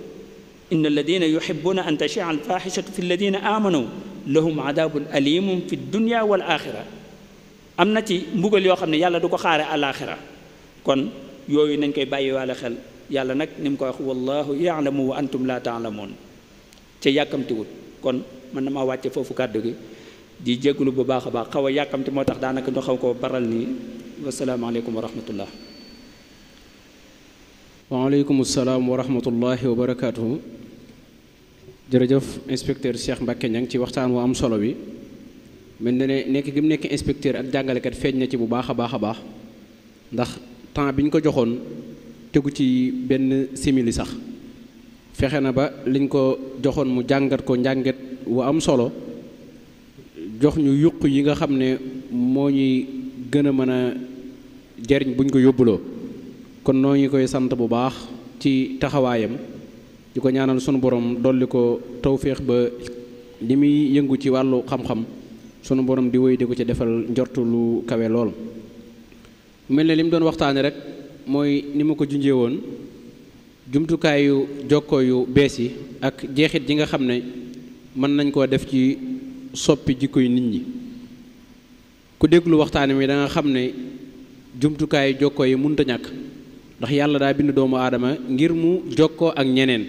Speaker 1: inna alladina yuhibbuna an tachia alfaxishatu fi alladina amanu lahum adabun alimum fi dunia wal axira am na ci mbugal yoo xam ne yàlla du ko xaare alaxira kon yooyu nañ koy bàyyi waale xel yàlla nag ni mu ko wax wallahu yaalamu wa antum la taalamuun ca yàkkamtiwut kon mën na maa wàcce foofu kàddu gi di jégalu bu baax a baax xaw a yàkkamti moo tax daanaka ñu xaw ko baral nii
Speaker 2: wasalaamaaleykum wa rahmatullah waaleykum salaam wa rahmatullahi wa barakaatuhu jërëjëf inspecteur Cheikh Mbacke Niang ci waxtaan wu am solo bi mel na ne nekk gi mu nekk inspecteur ak jàngalekat feeñ na ci bu baax a baax a baax ndax temps bi ñu ko joxoon tegu ci benn simili sax fexe na ba liñ ko joxoon mu jàngat ko njàngat wu am solo jox ñu yuq yi nga xam ne moo ñuy gën a mën a jariñ buñ ko yóbbuloo kon noo ngi koy sant bu baax ci taxawaayam di ko ñaanal sunu borom dolli ko tawféex ba li muy yëngu ci wàllu xam-xam sunu borom di wéy di ko ci defal njortu lu kawe lool. mel na lim doon waxtaanee rek mooy ni mu ko junjee woon jumtukaayu jokkoo yu bees yi ak jeexit ji nga xam ne mën nañ koo def ci soppi jikkoy nit ñi ku déglu waxtaan mi da xam ne jumtukaayu jokkoo yi mënut ñàkk. ndax yàlla daa bind doomu aadama ngir mu jokkoo ak ñeneen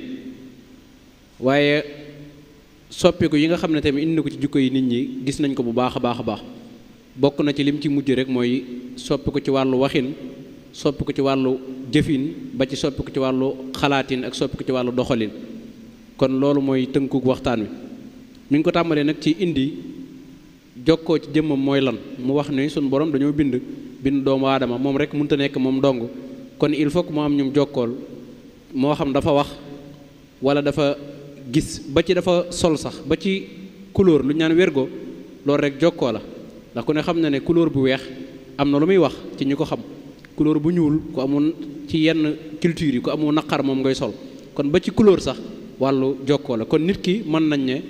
Speaker 2: waaye soppiku yi nga xam ne tamit indi na ko ci jukko yi nit ñi gis nañ ko bu baax a baax a baax bokk na ci lim ci mujj rek mooy soppiku ci wàllu waxin soppiku ci wàllu jëfin ba ci soppiku ci wàllu xalaatin ak soppiku ci wàllu doxalin kon loolu mooy tënku waxtaan wi mi ngi ko tàmbalee nag ci indi jokkoo ci jëmmam mooy lan mu wax ne suñu borom dañoo bind bind doomu aadama moom rek munta nekk moom dong kon il faut que mu am ñum jokkool moo xam dafa wax wala dafa gis ba ci dafa sol sax ba ci couleur lu ñaan wergo loolu rek jokkoo la ndax ku ne xam na ne couleur bu weex am na lu muy wax ci ñu ko xam couleur bu ñuul ku amul ci yenn culture yi ku amul naqar moom ngay sol kon ba ci couleur sax wàllu jokkoo la kon nit ki mën nañ ne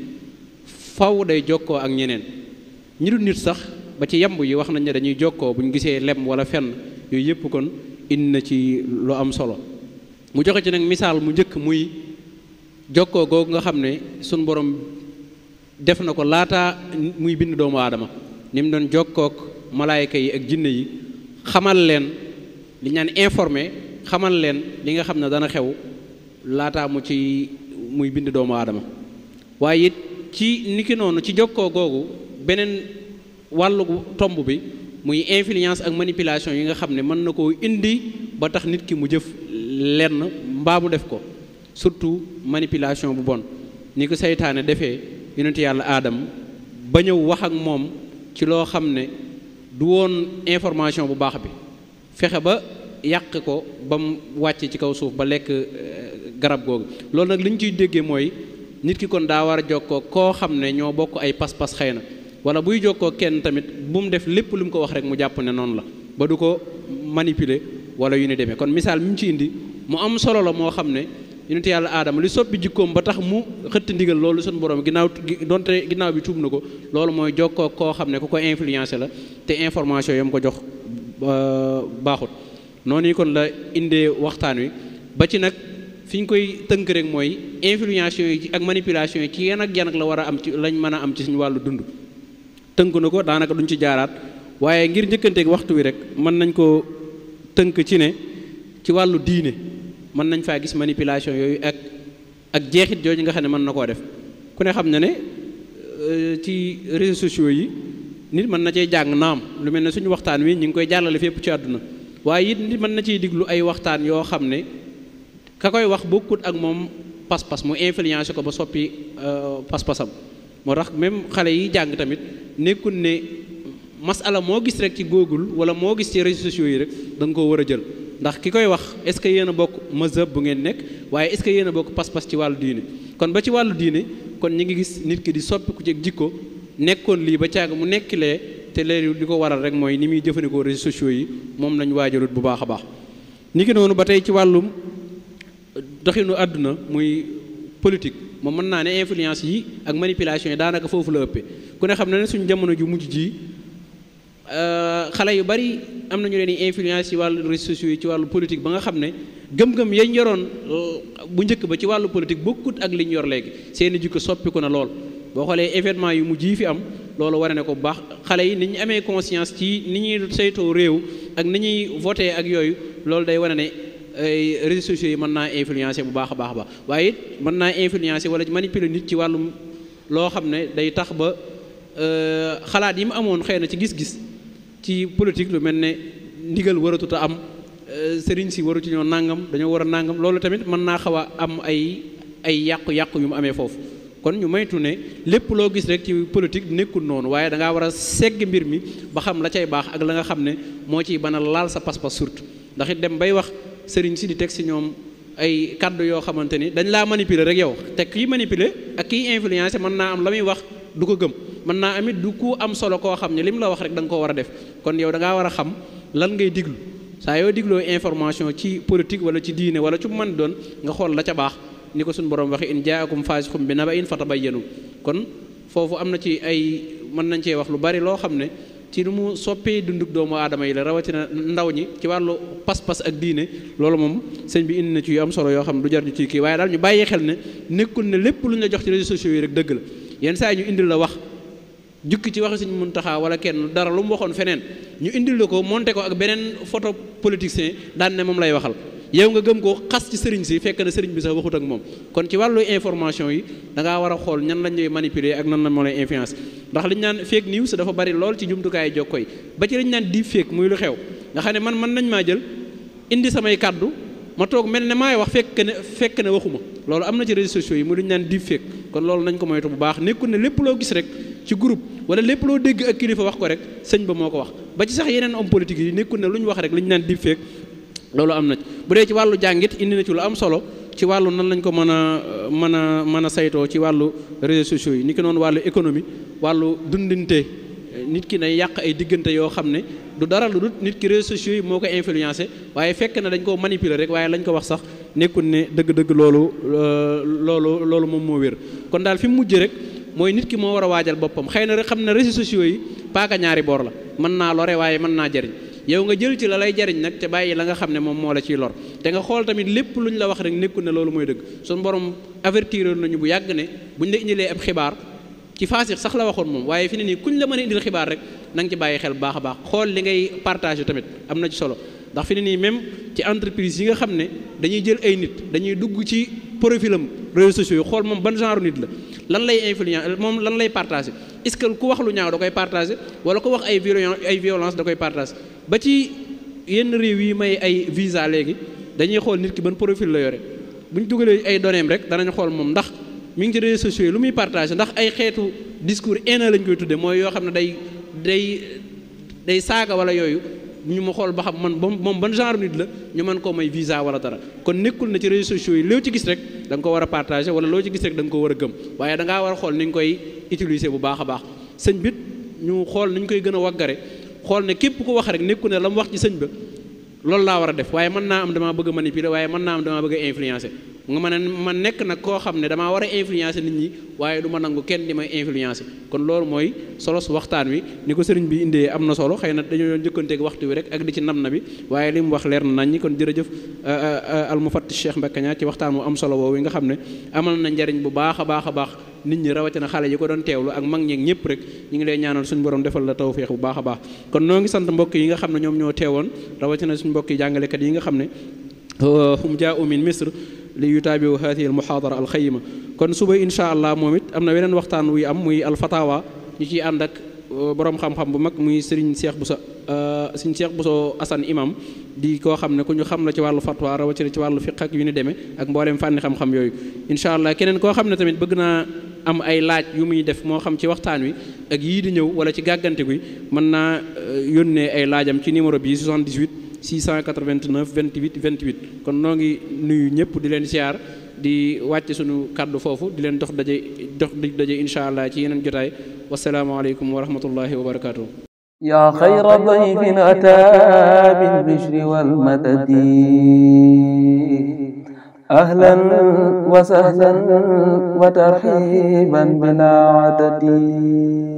Speaker 2: faw day jokkoo ak ñeneen ñi du nit sax ba ci yamb yi wax nañ ne dañuy jokkoo bu ñu gisee lem wala fenn yooyu yëpp kon indi na ci lu am solo mu joxe ci nag misaal mu njëkk muy jokkoo googu nga xam ne suñ borom def na ko laata muy bind doomu aadama ni mu doon jokkook malaayka yi ak jinne yi xamal leen li ñaan xamal leen li nga xam ne dana xew laataa mu ci muy bind doomu aadama waaye it ci niki noonu ci jokkoo googu beneen wàllu tomb bi muy influence ak manipulation yi nga xam ne mën na koo indi ba tax nit ki mu jëf lenn mbaa mu def ko surtout manipulation bu bon ni ko seytaane defee yonent yàlla aadam ba ñëw wax ak moom ci loo xam ne du woon information bu baax bi fexe ba yàq ko ba mu wàcc ci kaw suuf ba lekk euh, garab googu loolu nag li ñu ciy déggee mooy nit ki kon daa war a jokkoo koo xam ne ñoo bokk ay pas-pas xëy na wala buy jokkoo kenn tamit bu mu def lépp lu mu ko wax rek mu jàpp ne noonu la ba du ko manipuler wala yu ni demee kon misaal mi mu ci indi mu am solo la moo xam ne yonent yàlla aadama li soppi jikkoom ba tax mu xëtt ndigal loolu suñu borom ginnaaw donte ginnaaw bi tuub na ko loolu mooy jokkoo koo xam ne ku ko influencé la te information yam ko jox baaxut noonu kon la indee waxtaan wi ba ci nag fi ñu koy tënk rek mooy influence yi ak manipulation yi ci yan ak yan ak a am ci lañ mën a am ci suñu wàllu dund tënk na ko daanaka duñ ci jaaraat waaye ngir njëkkanteeg waxtu wi rek mën nañ koo tënk ci ne ci wàllu diine mën nañ faa gis manipulation yooyu ak ak jeexit jooju nga xam ne mën na koo def ku ne xam na ne euh, ci réseaux sociaux yi nit mën na cee jàng naam lu mel ne suñu waxtaan wi ñu ngi koy jàllale fépp ci àdduna waaye it nit mën na ciy diglu ay waxtaan yoo xam ne ka koy wax bokkut ak moom pas-pas mu influence ko ba soppi euh, pas-pasam moo tax même xale yi jàng tamit nekkul ne masala moo gis rek ci googul wala moo gis ci réseaux sociaux yi rek da nga koo war a jël ndax ki koy wax est-ce que yéen bokk mazhab bu ngeen nekk waaye est-ce que yéen a bokk pas-pas ci wàllu diine kon ba ci wàllu diine kon ñi ngi gis nit ki di soppiku ci jikko nekkoon lii ba caag mu nekk te léegi li ko waral rek mooy ni muy jëfandikoo réseaux sociaux yi moom lañu waajalut bu baax a baax ni ki noonu ba tey ci wàllum doxinu àdduna muy politique moom mën naa ne influence yi ak manipulation yi daanaka foofu la ëpp ku ne xam na ne suñ jamono ju mujj ji euh, xale yu bari am nañu leen influence ci wàllu réseaux yi ci wàllu politique ba nga xam ne gëm-gëm yañ yoroon euh, bu njëkk ba ci wàllu politique bokkut ak li ñu yor léegi seeni jikko soppiku na lool boo xoolee événement yi mu yi fi am loolu war ne ko bu baax xale yi ni ñu amee conscience ci ni ñuy saytoo réew ak ni ñuy voté ak yooyu loolu day wane ne réseaux sociaux yi mën naa influencer bu baax a baax ba waaye it mën naa influencer wala manipuler nit ci wàllum loo xam ne day tax ba euh, xalaat yi mu amoon xëy na ci gis-gis ci politique lu mel ne ndigal waratut a am euh, sëriñ si waru ci nangam dañoo war a nangam loolu tamit mën naa xaw a am ay ay yàqu-yàqu yu mu amee foofu kon ñu maytu ne lépp loo gis rek ci politique nekkul noonu waaye da ngaa war a segg mbir mi ba xam la cay baax ak la nga xam ne moo ciy bana laal sa pas surtout ndax it dem bay wax sëriñ si di teg si ñoom ay kàddu yoo xamante ni dañ laa manipuler rek yow te kii manipuler ak kii influencer mën naa am la muy wax du ko gëm mën naa amit du ku am solo koo xam ne li mu la wax rek da nga koo war a def kon yow da ngaa war a xam lan ngay diglu saa yoo digloo information ci politique wala ci diine wala ci man doon nga xool la ca baax ni ko suñu borom waxee in ba faasixum bi bay fatabayyanu kon foofu am na ci ay mën nañ cee wax lu bari loo xam ne ci nu mu soppee dunduk doomu aadama yi la rawatina ndaw ñi ci wàllu pas-pas ak diine loolu moom sëñ bi indi na ci yu am solo yoo xam du jar ñu ci kii waaye daal ñu bàyyi xel ne nekkul ne lépp lu ñu la jox ci réseaux sociaux yi rek dëgg la yenn saa yi ñu indil la wax jukki ci waxi mun Muntaxa wala kenn dara lu mu waxoon feneen ñu indil la ko monté ko ak beneen photo politicien daan ne moom lay waxal yow nga gëm ko xas ci sëriñ si fekk na sëriñ bi sax waxut ak moom kon ci wàllu information yi da war a xool ñan lañ lay manipuler ak nan la moo lay influence lañu liñ naan fake news dafa bari lool ci jumtukaayu jokko ba ci liñ naan deep fake muy lu nga xam ne man man nañ maa jël indi samay kàddu ma toog mel ne maay wax fekk ne fekk ne waxuma loolu am na ci réseaux sociaux yi muy liñ naan deep fake kon loolu nañ ko moytu bu baax nekkul ne lépp loo gis rek ci groupe wala lépp loo dégg ak kilifa wax ko rek sëñ ba moo ko wax ba ci sax yeneen politique yi nekkul ne lu ñu wax rek liñ naan deep loolu am na ci bu dee ci wàllu jàngit indi na ci lu am solo ci wàllu nan lañ ko mën a mën a mën a saytoo ci wàllu réseaux sociaux yi ni ki noonu wàllu économie wàllu dundinte nit ki nay yàq ay diggante yoo xam ne du dara lu dul nit ki réseaux sociaux yi moo ko influencé waaye fekk na dañ koo manipuler rek waaye lañ ko wax sax nekkul ne dëgg-dëgg loolu euh, loolu loolu moom moo wér kon daal fi mu mujj rek mooy nit ki moo war a waajal boppam xëy na rek xam ne réseaux sociaux yi ñaari boor la mën naa lore waaye mën naa jëriñ yow nga jël ci la lay jariñ nag te bàyyi la nga xam ne moom moo la ciy lor te nga xool tamit lépp lu ñu la wax rek nekku ne loolu mooy dëgg suñu borom avertir nañu bu yàgg ne buñ la indilee ab xibaar ci faasix sax la waxoon moom waaye fi ne nii kuñ la mën a indil xibaar rek nanga ci bàyyi xel bu baax a baax xool li ngay partager tamit am na ci solo ndax fi ne nii même ci entreprise yi nga xam ne dañuy jël ay nit dañuy dugg ci profilam réseaux sociaux yi xool moom ban genre nit la lan lay influence moom lan lay partagé est-ce que ku wax lu ñaaw da koy partagé wala ku wax ay violence ay violence da koy partagé ba ci yenn réew yi may ay visa léegi dañuy xool nit ki ban profil la yore bu ñu dugalee ay données rek danañu xool moom ndax mi ngi ci réseaux sociaux yi lu muy partagé ndax ay xeetu discours haineux lañ koy tuddee mooy yoo xam ne day day day saaga wala yooyu ñu ma xool ba xam man moom ban genre nit la ñu man koo may visa wala dara kon nekkul na ci réseaux sociaux yi loo ci gis rek da ko war a partager wala loo ci gis rek da ko war a gëm waaye da ngaa war a xool ni nga koy utiliser bu baax a baax sëñ bit ñu xool ni ñu koy gën a waggare xool ne képp ku wax rek nekku ne la mu wax ci sëñ ba loolu laa war a def waaye mën naa am damaa bëgg a manipuler waaye mën naa am damaa bëgg a nga mën a ma nekk nag koo xam ne damaa war a influencer nit ñi waaye du ma nangu kenn di may influencer kon loolu mooy solos waxtaan wi ni ko sëriñ bi indee am na solo xëy na dañoo doon jëkkanteeg waxtu wi rek ak di ci nam na bi waaye li mu wax leer na nañ ñi kon jërëjëf euh, euh, almufattish Cheikh Mbacké Niang ci waxtaan mu am solo woowu nga xam ne amal na njariñ bu baax a baax a baax nit ñi rawatina xale yi ko doon teewlu ak mag ñeeg ñëpp rek ñu ngi lay ñaanal suñu borom defal la taw tawféex bu baax a baax kon noo ngi sant mbokk yi nga xam ne ñoom ñoo teewoon rawatina suñu mbokk yi jàngalekat yi nga xam ne euh, hum jaa min misr li yutaabiu haadihi almuxaadara alxayima kon suba incha allah moom it am na weneen waxtaan wuy am muy alfatawa ñi ciy ànd ak uh, borom xam-xam bu mag muy sëriñ Cheikh Bousso uh, sëriñ Cheikh Bousso Assane imam di koo xam ne ku ñu xam na ci wàllu fatwa rawatina ci wàllu fiq ak yu ni demee ak mbooleem fànni xam-xam yooyu incha allah keneen koo xam ne tamit bëgg naa am ay laaj yu muy def moo xam ci waxtaan wi ak yii di ñëw wala ci gàggante gi mën naa uh, yónnee ay laajam ci numéro bii 78 689 28 28 kon noo ngi nuyu ñëpp di leen siyaar di wàcc suñu kàddu foofu di leen dox daje dox daje incha allah ci yeneen jotaay wasalaamaaleykum wa rahmatullahi wa barakaatu. yaa xayra dayfin ataa bil
Speaker 1: bishri wal madadi ahlan wa sahlan wa